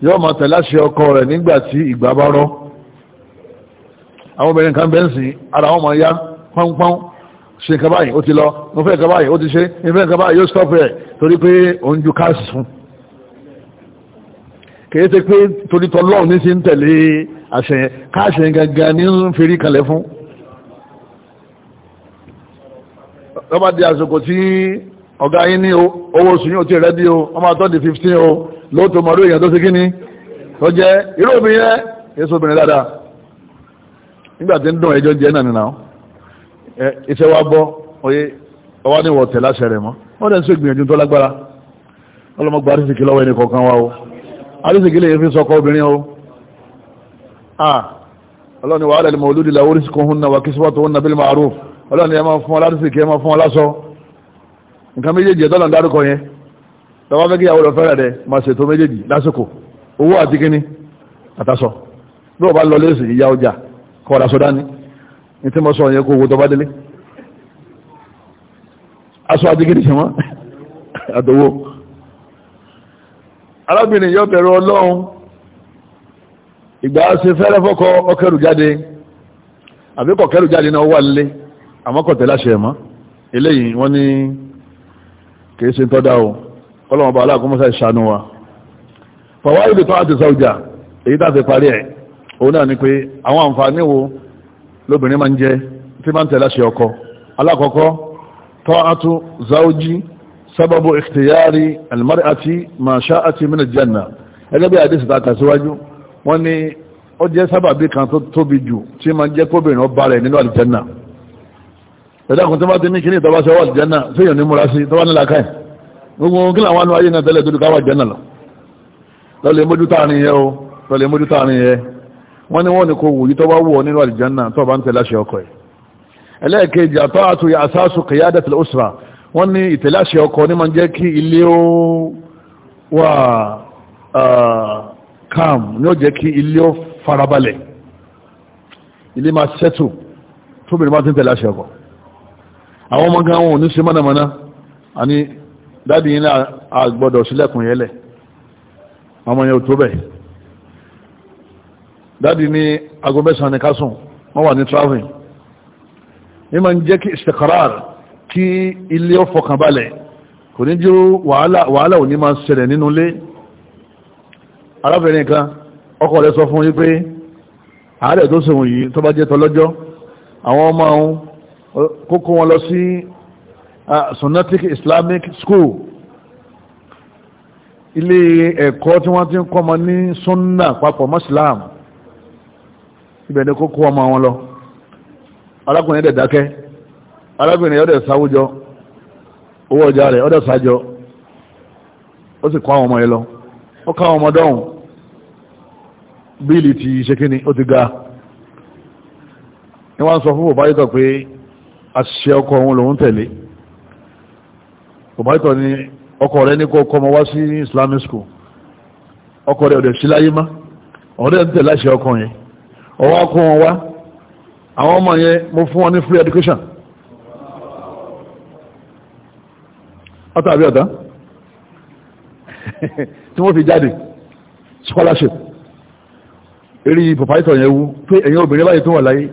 yóò máa tẹ̀láṣẹ ọkọ rẹ̀ nígbàtí ìgbà bá rọ́ àwọn obìnrin kan bẹ́ǹsì ara wọn máa yá pánpán ṣe nǹkan báyìí ó ti lọ mo fẹ́ nǹkan báyìí ó ti ṣe ìfẹ́ nǹkan báyìí yóò stop ẹ̀ torí pé òun ju káàsì fún un kìí ṣe pé torí tọ́lọ́ọ̀ ní sí ń tẹ̀lé àṣẹ yẹn káàṣẹ yẹn gangan ní ń ferí kalẹ̀ fún lọ́ba di àsìkò tí ọ̀gá yín ní owó oṣù yóò ti rẹ́dí o ọmọ àtọ́ di fifteen o lóòótọ́ mọ̀rú èèyàn tó ṣe kíni tó jẹ́ irú obìnrin yẹn èso obìnrin dáadáa nígbà tí ń dùn ẹjọ́ jẹ́ náà nìyàwó iṣẹ́ wa bọ́ oye ọwọ́ ni wọ́n tẹ̀ láṣẹ rẹ̀ mọ́ wọ́n dẹ̀ ń ṣègbìyànjú tó lágbára ọlọ́mọgbà àti ìsìnkú lọ́wọ́ ẹnì kọ̀ọ̀kan wa o alísìkílẹ̀ fi sọkọ obìnrin o ọlọ́ni wa ala al-mawludi lahu rizquhunna wa kiswatuhunna bil ma'ruf ọlọ́ni ẹ máa fún alásìkí ẹ máa fún aláṣọ nǹkan méjèèjì ẹ̀dọ́lọ̀ ń dárúkọ yẹn lọ́wọ́ fẹ́ kí ìyàwó lọ fẹ́rẹ̀ rẹ̀ máa ṣètò méjèèjì lásìkò owó àti kíní àtàṣọ bí wọ́n bá lọ lẹ́sìn ìyá ọjà kọ́ ọ̀dà sọ́dá ni ní tí mo sọ yẹn kó owó tó bá délé aṣọ àti kíní ṣe wọ́n *laughs* àdówó arábìnrin yóò bẹ̀rù ọlọ́run ìgbà ṣe fẹ́rẹ́ fọ́kọ ọkẹrù jáde àbí kọ̀kẹ́rù jáde náà wà lé àmọ́kọ̀tẹ̀ láṣẹ ẹ̀mọ́ eléyìí wọ́n ní kìí ṣe tọ́dá o ọlọ́run bá aláàkúnmọ́sá ìṣànú wa fọwọ́ ìlú tó àti sọ́jà èyí tàbí parí ẹ̀ òun náà ni pé àwọn àǹfààní wo lóbìnrin máa ń jẹ tí máa ń tẹ̀láṣẹ ọkọ alákọ̀ọ́kọ́ tọ́ àtú záójí sababu ikhtiyari almar'ati ma sha'ati min aljanna ẹgbẹ́ bí àdísì ta kàsíwájú wọ́n ní ó jẹ́ sábàbí kan tó tóbi jù tí ma jẹ́ kóbìnrin ọba rẹ̀ nínú aljanna ẹ̀dàkùn tó bá ti ní kí ní ìtọ́bá sọ wà aljanna tí yóò ní múra sí tó bá nílá káì gbogbo kí làwọn anú ayé náà tẹ́lẹ̀ tó dùkà wà aljanna lọ lọ́lẹ̀ mójú táàrin yẹ o lọ́lẹ̀ mójú táàrin yẹ wọ́n ní wọ́n ní kò wù yí tó bá wù ọ nínú aljanna tó bá ń tẹ̀lé aṣọ ọkọ̀ ẹ̀ ẹlẹ́ẹ̀kejì àtọ́ àtúyà asásu qiyadatul usra wọ́n ní ìtẹ̀láṣẹ ọkọ ní máa jẹ́ kí ilé ó wà calm ní ó jẹ́ kí ilé ó farabalẹ̀ ilé máa ṣẹ́tù tóbìnrin bá ti ń tẹ̀láṣẹ ọkọ àwọn ọmọ gan wọn ò ní ṣe mọ́nàmọ́ná àní dáàdì yìí náà àgbọ́dọ̀ sílẹ̀kùn yẹlẹ̀ ọmọ yẹn ò tó bẹ̀ dáàdì ní aago án ní kásùn wọ́n wà ní traveling ní máa ń jẹ́ kí istikrar kí ilé ó fọkànbalẹ̀ kò ní jú wàhálà ò ní máa ṣẹlẹ̀ nínú ilé arábìnrin kan ọkọ rẹ̀ sọ fún yí pé àárẹ̀ tó sèwọ̀n yìí tó bá jẹ́ tọlọ́jọ́ àwọn ọmọ ohun kókó wọn lọ sí Sunnatic Islamic School ilé ẹ̀kọ́ tí wọ́n ti ń kọ́mọ ní sunna papọ̀ muslim ibẹ̀ ni kókó ọmọ wọn lọ arákùnrin dẹ̀ dákẹ́ arábìnrin ọdẹ sáwújọ owó ọjà rẹ̀ ọdẹ sájọ ó sì kọ́ àwọn ọmọ ẹ lọ ó ká àwọn ọmọ dọ́hùn bíìlì ti ṣe kíni ó ti ga ni wọ́n sọ fún bòbáyítọ̀ pé àṣìṣe ọkọ òun lòun tẹ̀lé bòbáyítọ̀ ni ọkọ rẹ̀ ní ọkọ ń tẹ̀lé yẹn ọwọ́ wọn wá àwọn ọmọ yẹn mo fún wọn ní free ọ̀tá àbí *laughs* tí wọ́n fi jáde scholarship eré pọ̀páìtọ̀ yẹn wú pé ẹ̀yin obìnrin báyìí tún wà láyé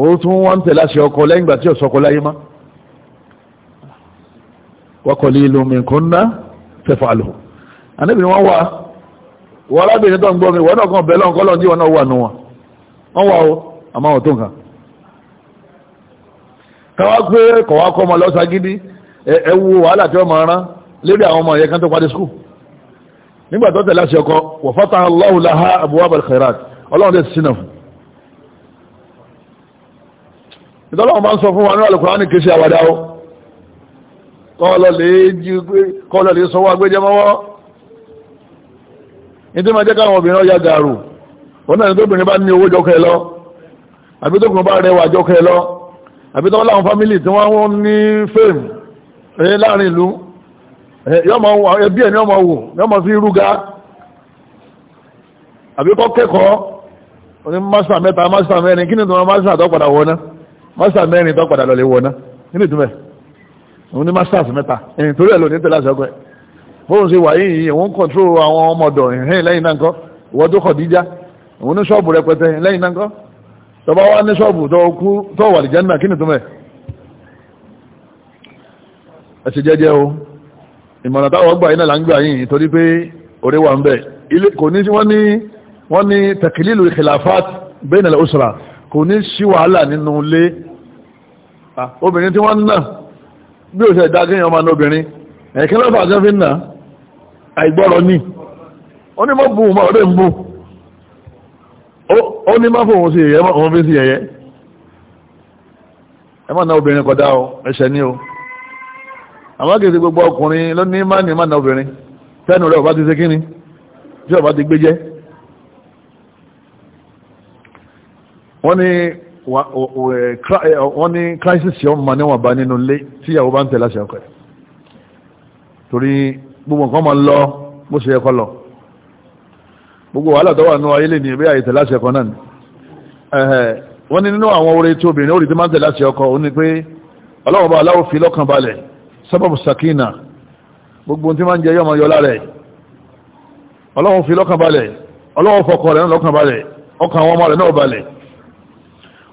ó tún wọ́n ń tẹ̀lé àṣẹ ọkọ lẹ́yìn ìgbà tí ọ̀sọ́kọ láyé má wọ́kọ̀ lè lo nǹkan ná fẹ́fà lò àníbìnrin wọn wà wọ́n arábìnrin tó ń gbọ́ mi wọ́n náà kàn bẹ́ẹ̀ lọ́nkọ́ lọ́n tí náà wà nù wọn wọ́n wà ó àmọ́ wọn tó nǹkan káwá pé kọ̀wá kọ́ ọmọ lọ́sàgídí ẹ wo wàhálà tí wọ́n máa rán lórí àwọn ọmọ ẹ̀yẹ kan tó padì skul nígbà tó tẹ̀lé àṣẹ ọkọ wa fataha Allahu laha abwab al-khairat ọlọ́run tẹ̀ sínà fún ìtọ́lọ́wọ́n bá ń sọ fún wa ní Al-Qur'ani kìí àwàdà o kọ́ọ̀lọ́ lè sọ wá gbéjẹ ní tí ma jẹ́ káwọn obìnrin ya gàrù wọ́n náà ní tóbìnrin bá ní owó jọ́kẹ́ lọ àbí tókùnrin bá rẹwà jọ́kẹ́ lọ àbí tọ́wọ́ láwọn fámílì tí wọ́n ní fèmù ẹ̀ láàrin ìlú ẹbí ẹ̀ ni ọmọ wò ni ọmọ fi rúga àbí kọ́ kẹ́kọ̀ọ́ oní másà mẹ́ta másà mẹ́rin kí ni ìtumọ̀ másà tọ́padà wọ́ná másà mẹ́rin tọ́padà lọ lè wọ́ná kí ni ìtumọ̀ òun ní másà mẹ́ta ẹ̀yìn torí ẹ̀ lò ní tẹ̀lé àṣọ́gbẹ́ bóun ṣe wà yìí òun kọ̀ntró àwọn ọmọdọ̀ ẹ̀hìn lẹ́yìn náà kọ́ ìwọ́n tó kọ̀ díjà òun ní ṣọ́ọ̀bù rẹpẹtẹ lẹ́yìn náà kọ́ tọba wa ní ṣọ́ọ̀bù tó kú tó wà lìjẹ́ náà kí ni ìtumọ̀ ẹ̀sì jẹ́jẹ́ o ìmọ̀nà táwọn gbà yìí náà là ń gbà yìí torí pé orí wà ń bẹ̀ ilé kò ní sí wọ́n ní wọ́n ní tẹ̀kìlìlù khilafat bain al-usra kò ní sí wàhálà nínú ilé obìnrin tí wọ́n ń bí ó ṣe dá kéèyàn obìnrin ẹ̀kẹ́ bu mọ́ ọ̀rẹ́ ń bu ó ní má fòun sí ẹ̀yẹ́ mọ́ òun fi ẹ̀ṣẹ̀ ní o àwọn kìí ṣe gbogbo ọkùnrin ló ní mánì mánà obìnrin tẹ́nu rẹ̀ ọba ti ṣe kíni tí ọba ti gbé jẹ́ wọ́n ní crisis yọ ma níwọ̀n bá nínú ilé tí ìyàwó bá ń tẹ̀lá ṣe ọkọ̀ torí gbogbo nǹkan ma lọ bó ṣe ẹkọ lọ gbogbo wàhálà tó wà ní ayé lè ní ìbí àyè tẹ̀lá ṣe ọkọ̀ náà wọ́n ní nínú àwọn oore tí obìnrin ó rí tí máa ń tẹ̀lá ṣe ọkọ̀ ó ní pé ọlọ́wọ́ bá aláwọ̀ fi lọ́kàn balẹ̀ sábàbù sakina gbogbo tí máa ń jẹ yọmọ yọlá rẹ̀ ọlọ́run fi lọ́kàn balẹ̀ ọlọ́run fọkọ rẹ̀ lọ́kàn balẹ̀ ọkàn àwọn ọmọ rẹ̀ náà balẹ̀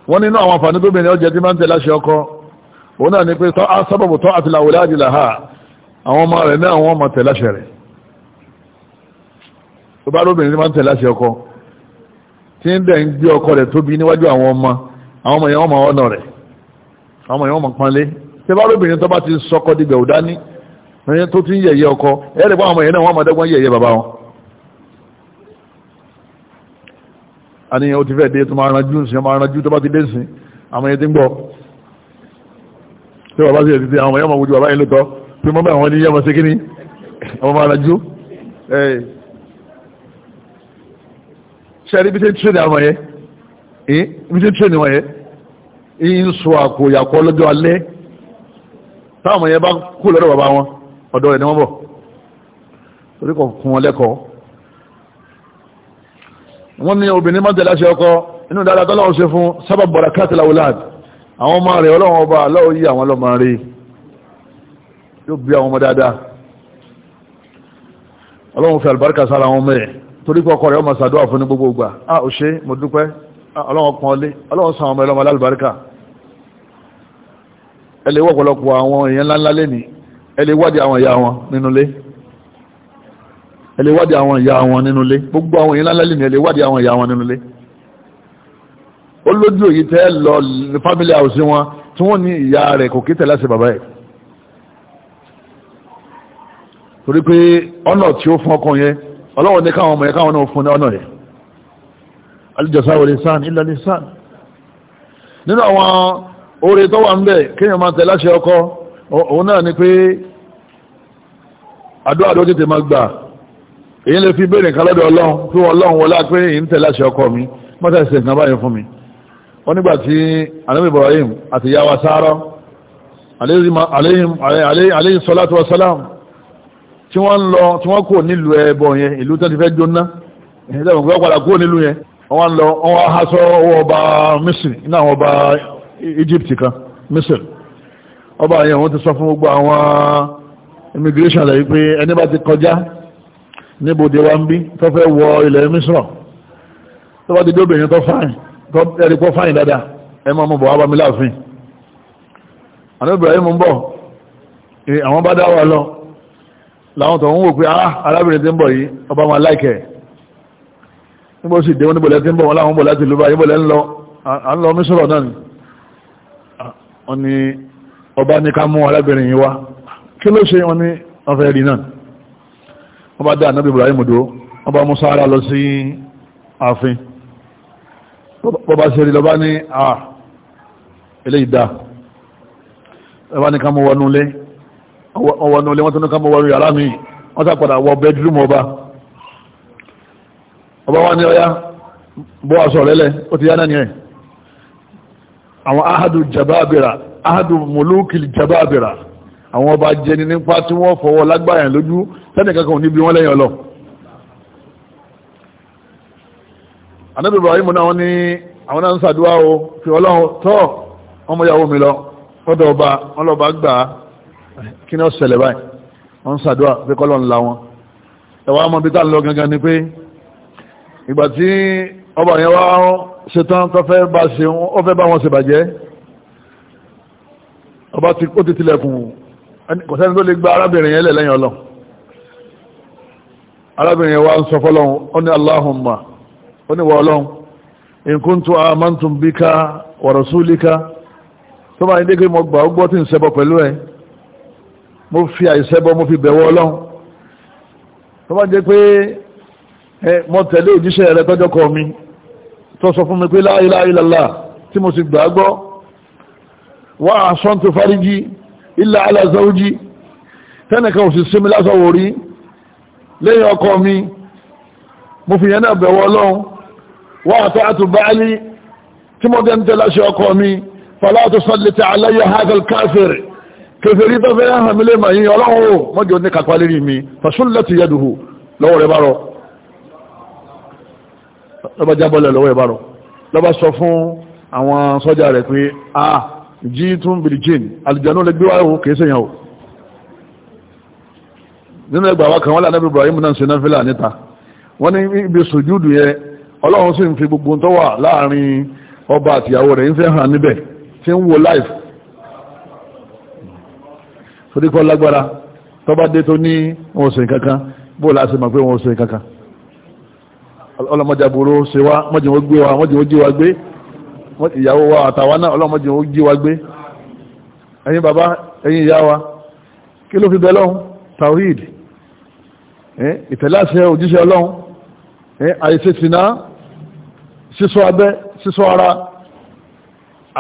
wọ́n nínú àwọn àǹfààní tó bìnrin ọjẹ́ tí máa ń tẹ̀lé aṣẹ ọkọ òun náà ni pé sábàbù tọ́ àti làwòlá àdìlà ha àwọn ọmọ rẹ̀ náà wọ́n máa tẹ̀lé aṣẹ rẹ̀ tó bá lóbìnrin tí máa ń tẹ̀lé aṣẹ ọkọ tí ń dẹ̀ ń gbé ọkọ rẹ̀ tóbi níwájú àwọn ọmọ àwọn ọmọ yẹn wọ́n máa ọ̀nà rẹ̀ àwọn ọmọ yẹn wọ́n máa panlé tẹ́bárobìnrin tó bá ti sọkọ dìgbà ò dání ẹni tó ti ń yẹ̀yẹ́ ọkọ ẹ̀rẹ̀ pọ́n àwọn èèyàn náà wọ́n máa dẹ́gbọ́n yẹ̀yẹ́ bàbá wọn àníyàn ó ti fẹ́ dé tó máa ranjú sí ọmọ aranjú tó bá ti dé sí àwọn èèyàn ti ń gbọ́ tí bàbá sì ẹ̀ títí àwọn èèyàn máa wojú bàbá yẹn lóòótọ́ pé mọ́ bá àwọn ní yẹ́mọ̀ sí kíní ọmọ aranjú ṣẹ́rí bí ṣe ń tírẹ̀nì àwọn yẹn táwọn ọmọ yẹn bá kú lọ́dọ̀ bàbá wọn ọ̀dọ̀ rẹ̀ ni wọ́n bọ̀ torí kò fún wọn lẹ́kọ̀ọ́ wọ́n ní obìnrin má tẹ̀lé aṣọ ọkọ inú dáadáa tó lọ́wọ́ ṣe fún sábà bọ̀rọ̀ káàtìlá wùláàd àwọn ọmọ rẹ̀ ọlọ́wọ́ ọba aláwọ̀ yí àwọn ọlọ́mọ rẹ̀ yóò bí àwọn ọmọ dáadáa ọlọ́wọ́ fẹ́ àlùbáríkà sára àwọn ọmọ rẹ̀ torí pé ọkọ rẹ̀ ọmọ sàdúrà fún ní gbogbo ìgbà ah ò ṣe mo dúpẹ́ ah, ọlọ́wọ́ pọ́nlé ọlọ́wọ́ sàn ọmọ ẹlọ́mọ alálùbáríkà ẹlẹ́ wọ́pọ̀lọpọ̀ àwọn èèyàn ńláńlá lẹ́ni ẹlẹ́ wádìí àwọn ìyá wọn nínú ilé ẹlẹ́ wádìí àwọn ìyá wọn nínú ilé gbogbo àwọn èèyàn ńláńlá lẹ́ni ẹlẹ́ wádìí àwọn ìyá wọn nínú ilé ó lójú òyì tẹ́ lọ family house wọn tí wọ́n ní ìyá rẹ̀ kò kí tẹ̀lé àṣẹ bàbá ẹ̀ torí pé ọ̀nà tí ó fún ọkàn yẹn ọlọ́wọ́n ní káwọn ọmọ yẹn káwọn náà fún ọ̀nà yẹn alìjọsáwò lè sáà nílò lè sáà nínú àwọn oore tó wà ń bẹ̀ kéèyàn máa tẹ̀ láṣẹ ọkọ òun náà ni pé adọ ló tètè máa gbà èyí lè fi béèrè nǹkan lọ́dọ̀ ọlọ́run tí wọ́n ọlọ́run wọlá pé èyí tẹ̀ láṣẹ ọkọ mi mọ́tà ìṣẹ̀ nǹkan báyìí fún mi wọ́n nígbà tí ibrahim àti ti Egypt kan Misr ọba àyẹ̀ wọ́n ti sọ fún gbogbo àwọn immigration rẹ̀ wípé ẹni bá ti kọjá níbòdè wa ń bí tó fẹ́ wọ ilẹ̀ Misr tó bá ti dé obìnrin tó fáìn tó ẹ̀rí pọ́ fáìn dáadáa ẹ máa mú bọ̀ wá bá mi láàfin àná Ibrahim ń bọ̀ àwọn bá dá wà lọ láwọn tó ń wò pé ah, arábìnrin tí ń bọ̀ yìí ọba máa láìkẹ̀ níbo sì dé wọn níbo lẹ́ ń bọ̀ wọn láwọn bọ̀ láti lú báyìí lẹ́ ń lọ à ń lọ mísọ̀rọ̀ náà ni wọ́n ní ọba ní ká mú arábìnrin yìí wá kí ló ṣe wọ́n ní wọ́n fẹ́ rí náà wọ́n bá dá ànábì Ibrahim dúró wọ́n bá mú sára lọ sí ààfin bọ́bá ṣe rí lọ́bá ní à ilé ìdá ẹbá ní ká mú wọnú lé wọ́n tó ní ká mú wọnú yàrá mi wọ́n sá padà wọ bedroom ọba ọba wá ní ọya bọ́ aṣọ rẹ̀ lẹ̀ ó ti yá náà ni ẹ̀ àwọn ahadu jababira ahadu mulukil jababira àwọn ọba jẹni nípa tí wọ́n fọwọ́ lágbàáyàn lójú tẹ́nìkankan níbi wọ́n lẹ́yìn ọlọ́ anábì Ibrahim náà wọ́n ní àwọn náà ń sàdúwà o fi ọlọ́run tọ́ ọmọ ìyàwó mi lọ ọdọ̀ ọba ọlọ́ba gbà kí ní ọ̀sẹ̀lẹ̀ báyìí wọ́n sàdúwà pé kọ́lọ̀ ńlá wọn ẹ̀wọ̀n àmọ́ bí tá ń lọ gangan ni pé ìgbà tí ọba yẹn wá ṣetán tó fẹ́ bá ṣe wọn ó fẹ́ bá wọn ṣe bàjẹ́ ọba ti ó ti tilẹ̀kùn kò sẹ́ni tó lè gba arábìnrin yẹn lẹ̀ ọlọ́ arábìnrin yẹn ń sọ fọ́lọ́hun ó ní Allahumma ó ní wọ ọlọ́hun in kuntu amantum bika wa rasulika tó bá ní dé pé mo gbà ó gbọ́ tí ń ṣẹbọ pẹ̀lú ẹ mo fi àìṣẹbọ mo fi bẹ̀wọ̀ ọlọ́hun tó bá jẹ́ pé mo tẹ̀lé òjíṣẹ́ rẹ tọ́jọ́ kọ mi tó sọ fún mi pé la ilaha illallah tí mo sì gbàgbọ́ wà àṣọ́ntò fárígí illa ala zawji tẹ́nìkan òsì sí mi lásọ̀wò rí lẹ́yìn ọkọ mi mo fi yẹn náà bẹ̀wọ̀ ọlọ́run wà ata'tu ba'li tí mo dẹ́ ń tẹ́ láṣẹ ọkọ mi fala tusallit tó fẹ́ hàn mí lè mà ọlọ́run ó mọ́jọ́ ní kàpá lérí mi fa sullat yaduhu lọ́wọ́ rẹ̀ bá rọ̀ lọ́ba jábọ́lẹ̀ lọ́wọ́ ìbárọ̀ lọ́ba sọ fún àwọn sọ́jà rẹ̀ pé ah jí tún bìlì jane alìjànú lè gbé wáyé kìí sèyàn o nínú ẹgbà wa kan wọ́n lànà Ibrahim náà ṣe náfílà níta wọ́n ní ibi sùjúdù yẹ ọlọ́run sì ń fi gbogbo tó wà láàrin ọba àtìyàwó rẹ̀ ń fẹ́ hàn níbẹ̀ tí ń wo life torí kọ́ lágbára tọ́ba dé tó ní wọn ò sìn kankan bóòlù àti màpé wọn ò sìn kankan ọlọ́mọdé aburú ṣe wá mọ́jì wọ́n gbé wa mọ́jì wọ́n jí wa gbé ìyàwó wa àtàwa náà ọlọ́mọdé wọ́n jí wa gbé ẹ̀yin bàbá ẹ̀yin ìyá wa kí ló fi bẹ lọ́hùn tawhid ìtẹ̀láṣẹ òjíṣẹ́ ọlọ́hun àìṣe sìnà sísọ abẹ́ sísọ ara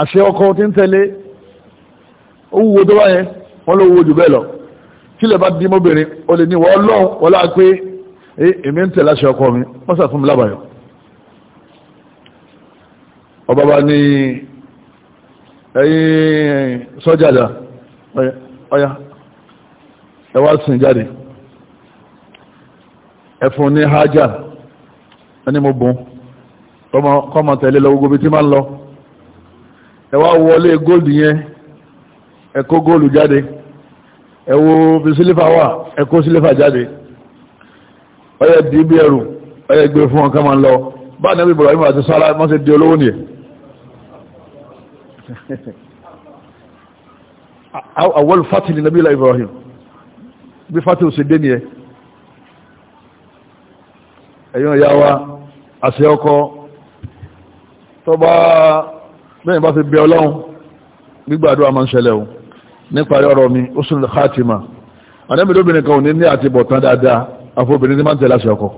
àṣẹ ọkọ tí ń tẹ̀lé ó wúwo tó báyẹn wọ́n ló wúwo jù bẹ́ẹ̀ lọ kílẹ̀ bá dín mọ́bìnrin ó lè ní wọ́n lọ́hùn wọ́n láà Eh, èmi ń tẹ̀lé aṣọ ọkọ mi wọ́n sà fún mi lábàáyọ̀ ọba bá ní ẹ̀yìn sọ́jà dà ọya ẹ sìn jáde ẹ̀fún ní hajjá ẹni mo bùn kọ́mọ tẹ̀lé lọ gbogbo tí máa ń lọ ẹ wá wọlé góòlù yẹn ẹ kó góòlù jáde ẹ wo bí sílífà wà ẹ sílífà jáde ọyẹ di bí ẹrù ọyẹ gbé fún ọkàn máa ń lọ bá ànábì Ibrahim àti Sárà wọ́n ti di olówó nìyẹn awọ́l fatih ni nàbí ilá Ibrahim bí fatih ṣe dé nìyẹn ẹ̀yìn ọ̀yá wa àṣẹ ọkọ tó bá bẹ́ẹ̀ bá fi bẹ ọlọ́run gbígbàdúrà máa ń ṣẹlẹ̀ o níparí ọ̀rọ̀ mi ó sùn khatima ànábì lóbìnrin kan ò ní ní àtibọ̀tán dáadáa afọbìnrin tí máa ń tẹ̀lé àṣẹ ọkọ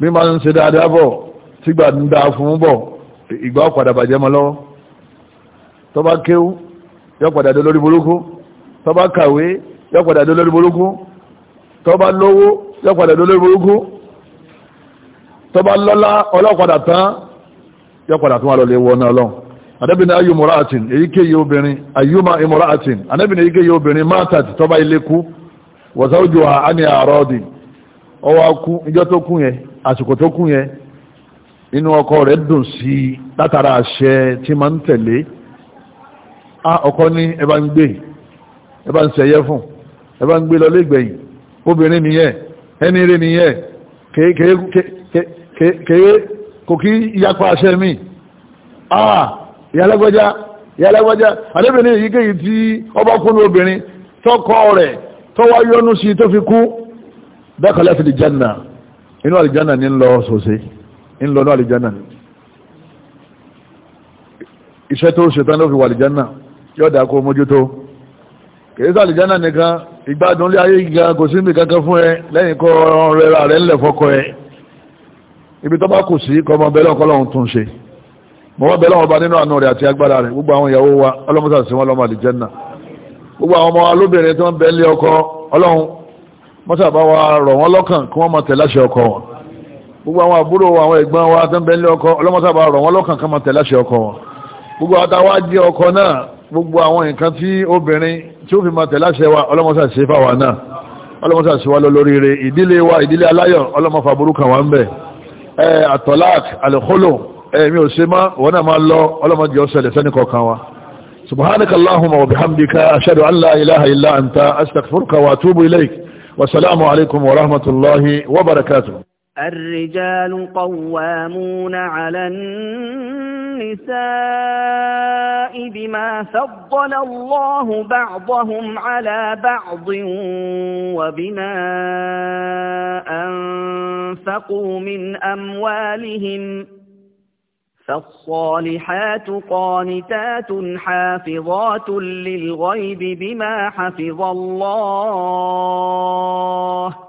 bí máa ń ṣe dáadáa bọ̀ tígbà ń dáa fún bọ̀ ìgbà ọ̀padà bàjẹ́ mọ́ lọ́wọ́ tó kéwú yọ padà dé lórí burúkú tó kàwé yọ padà dé lórí burúkú tó lówó yọ padà dé lórí burúkú lọ́lá ọlọ́padà tán yọ padà tún wà wọ náà lọ́wọ́ anabini ayu ayuma anabini wọ̀sáwójú wa a ní àárọ̀ ọ̀dì ọwọ́ ìjọ tó kú yẹn àsìkò tó kú yẹn ọkọ rẹ̀ dùn sí látara àṣẹ tí ma ń tẹ̀lé a ọkọ ní ẹba ń gbé ẹ ń fún ẹba ń gbé lọ lẹ́gbẹ̀yìn obìnrin nìyẹn ẹni nìyẹn kéé kò kí àṣẹ mi àdébìnrin yìí kéyìí tí ọba tó wá yọ́nú sí tó fi kú dákàlẹ́ fi dìjánà inú àlìjánà ní lọ sòsè ń lọ ní àlìjánà iṣẹ́ tó ṣetán ló fi wà àlìjánà yóò dá kó mójútó kìí sí àlìjánà nìkan ìgbádùn lé ayé gíga kò sí nìkan kan fún ẹ lẹ́yìn kọ́ rẹra rẹ ńlẹ̀ fọ́kọ ẹ ibi tó bá kù sí kọ́ ọmọ bẹ́lẹ̀ ọkọ́ lọ́hún tún ṣe mọ́ bẹ́lẹ̀ ọba nínú àánú rẹ̀ àti agbára rẹ̀ gbogbo àwọn ìyàwó wa ọlọ́mọ́sàsí wọn lọ́mọ àlìjánà gbogbo àwọn ọmọ alóbìnrin tó ń bẹ lé ọkọ ọlọ́run mọ́sàbá wa rọ̀ wọ́n lọ́kàn kí wọ́n máa tẹ̀láṣẹ ọkọ wọn gbogbo àwọn àbúrò àwọn ẹ̀gbọ́n wa tó ń bẹ lé ọkọ ọlọ́mọ́sàbá rọ̀ wọ́n lọ́kàn kí wọ́n máa tẹ̀láṣẹ ọkọ wọn gbogbo àtàwọn ajé ọkọ náà gbogbo àwọn nǹkan tí obìnrin tí ó fi máa tẹ̀láṣẹ wa ọlọ́mọ́sà ṣe fáwa náà ọlọ́mọ́sà ṣe wá lórí wa ìdílé aláyọ̀ ọlọ́mọ́fà burúkú wa ń bẹ àtọ̀láàk àlùkólò ẹ̀mí ò ṣe má wọ́n náà máa wa سبحانك اللهم وبحمدك أشهد أن لا إله إلا أنت أستغفرك وأتوب إليك والسلام عليكم ورحمة الله وبركاته الرجال قوامون على النساء بما فضل الله بعضهم على بعض وبما أنفقوا من أموالهم فالصالحات قانتات حافظات للغيب بما حفظ الله